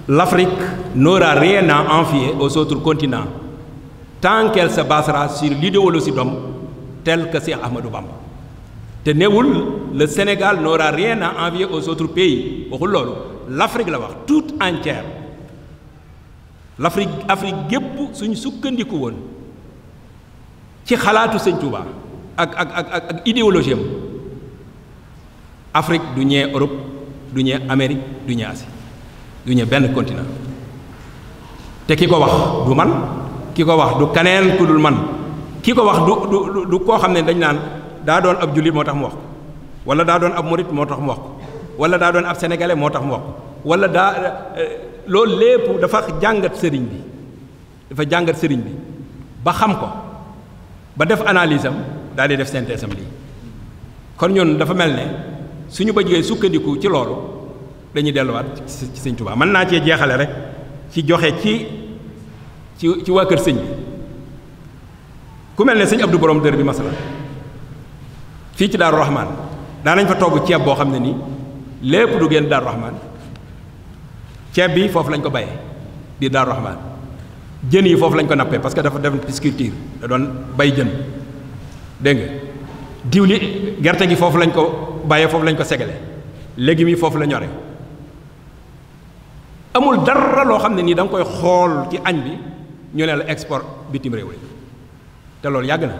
l'Afrique n'aura rien à envier aux continent continents tant qu'elle se basera sur l'idéologie d'homme telle que Cheikh Ahmadou Bamba te newul le Sénégal n'aura rien à envier aux autres pays waxul loolu l'Afrique la wax toute entière l'Afrique Afrique gépp suñu sukkandiku woon ci xalaatu sëñ Touba ak ak ak ak ak Afrique du ñee Europe du ñee Amérique du ñee Asie du ñee benn continent te ki ko wax du man ki ko wax du kaneen ku dul man ki ko wax du du du koo xam ne dañ naan daa doon ab jullit moo tax mu wax ko wala daa doon ab morit moo tax mu wax ko wala daa doon ab sénégalais moo tax mu wala daa euh, euh, loolu lépp dafa jàngat sëriñ bi dafa jàngat sëriñ bi ba xam ko ba def analyse am daal di def synthèse am lii kon ñun dafa mel ne suñu bëjee sukkandiku ci loolu dañuy delluwaat ci sëñ Tuubaa mën naa cee jeexale rek ci joxe ci ci ci waa kër sëñ bi ku mel ne sëñ Abdou Borom Dër bi masala fii ci Daaru Rahman nañ fa togg ceeb boo xam ne nii lépp du génn Daaru Rahman ceeb bi foofu lañ ko bayee biir Daaru Rahman jën yi foofu lañ ko nappee parce que dafa def pisciculture da doon bay jën dégg nga diw li gerte gi foofu lañ ko bayee foofu lañ ko segale légumes yi foofu la ñore amul dara loo xam ne nii da koy xool ci añ bi ñu ne la export bitim réew te loolu yàgg na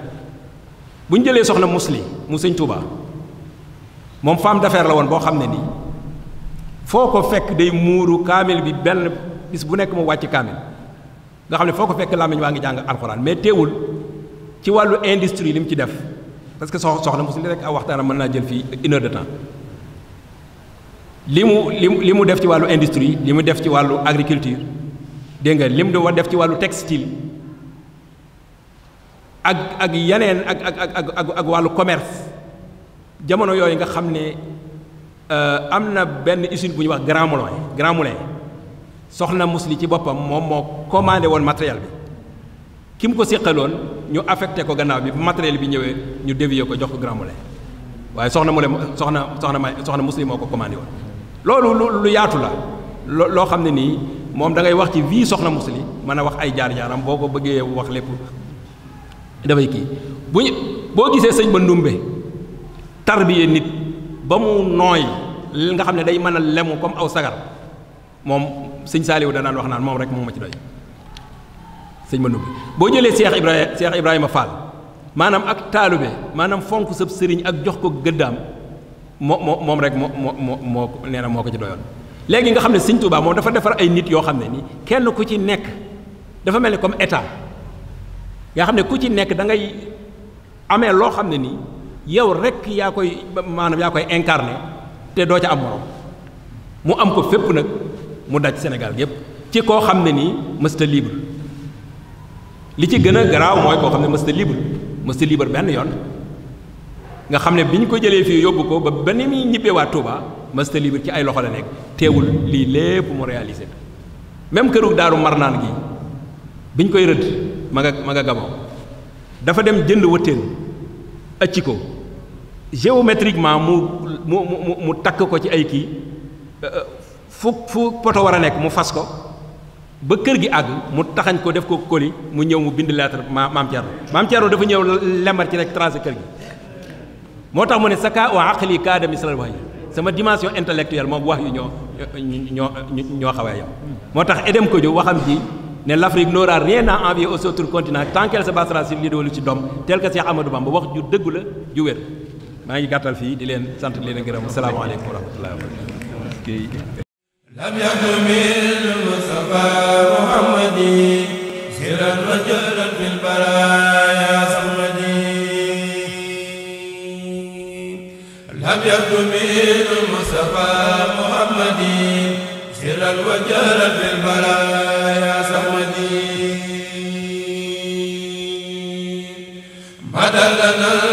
bu ñu jëlee soxna musli mu sëñ Touba moom femme d'affaires la woon boo xam ne nii foo ko fekk day muuru kaamil bi benn bis bu nekk mu wàcc kaamil nga xam ne foo ko fekk làmmiñ waa ngi jàng alxuraan mais teewul ci wàllu industrie li mu ci def parce que sox soxna musli rek a waxtaan mën naa jël fii une de temps li mu li mu li mu def ci wàllu industrie li mu def ci wàllu agriculture dégg nga li mu def ci wàllu textile ak ak yeneen ak ak ak ak ak wàllu commerce jamono yooyu nga xam ne euh, am na benn usine bu ñuy wax Grand Moulin Grand Moulin soxna Musli ci boppam moom moo commandé woon matériel bi ki mu ko séqaloon ñu affecté ko gannaaw bi matériel bi ñëwee ñu dévié ko jox ko Grand Moulin waaye soxna Moulin soxna soxna may soxna Musli moo ko commandé woon loolu lu yaatu la lo loo xam ne nii moom dangay wax ci vie soxna Musli mën a wax ay jaar-jaaram boo ko bëggee wax lépp dafay kii bu ñu boo gisee sëñ ba ndumbe tarbiye nit ba mu nooy nga xam ne day mën a lemu comme aw sagar moom sëñ Saaliwu danaan wax naan moom rek moom ma ci doy sëñ ba boo jëlee Cheikh Ibrahima Cheikh Ibrahima Fall maanaam ak taalube maanaam fonk sab sëriñ ak jox ko gëddaam moo moo moom rek moo moo moo nee na moo ko ci doyoon léegi nga xam ne sëñ Tuubaa moom dafa defar ay nit yoo xam ne nii kenn ku ci nekk dafa mel ne comme état nga xam ne ku ci nekk da ngay amee loo xam ne nii yow rek yaa koy maanaam yaa koy incarné te doo ca am morom mu am ko fépp nag mu daj senegal yépp ci koo xam ne ni mësta libre li ci gën a garaaw mooy koo xam ne mësta libre mësta libre benn yoon nga xam ne bi ñu ko jëlee fii yóbbu ko ba ba ni muy ñibbee waa Touba mësta libre ci ay loxo la nekk teewul lii lépp mu réalisé même këru daaru marnaan gi bi ñu koy rëdd ma nga ma dafa dem jënd wëttéen acci ko géométriquement mu mu mu mu takk ko ci ay kii euh, euh, fu fu poto war a nekk mu fas ko ba kër gi àgg mu taxañ ko def ko koli mu ñëw mu bind lettre ma maam Thierno maam Thierno dafa ñëw lembar ci rek tracé kër gi moo tax mu ne sa kaa waa aqli kaa de misral wax yi sama dimension intellectuelle moom wax yu ñoo ñoo ñoo xawee moo tax edem ko ju waxam ji ne l' Afrique n'aura rien à envier aux autres continents tant qu'elle se basera sur l'idéologie ci doom tel que Cheikh Amadou Bamba wax ju dëggu la ju wér maa ngi gàttal fii di leen sant leen gërëm asalaamaaleykum wa rahmatullahi wa barakatuh لم يكن المصطفى محمدي سرا وجرا في البرايا صمدي لم يكن المصطفى محمدي سرا وجهرا بالبرايا صمدي مدى لنا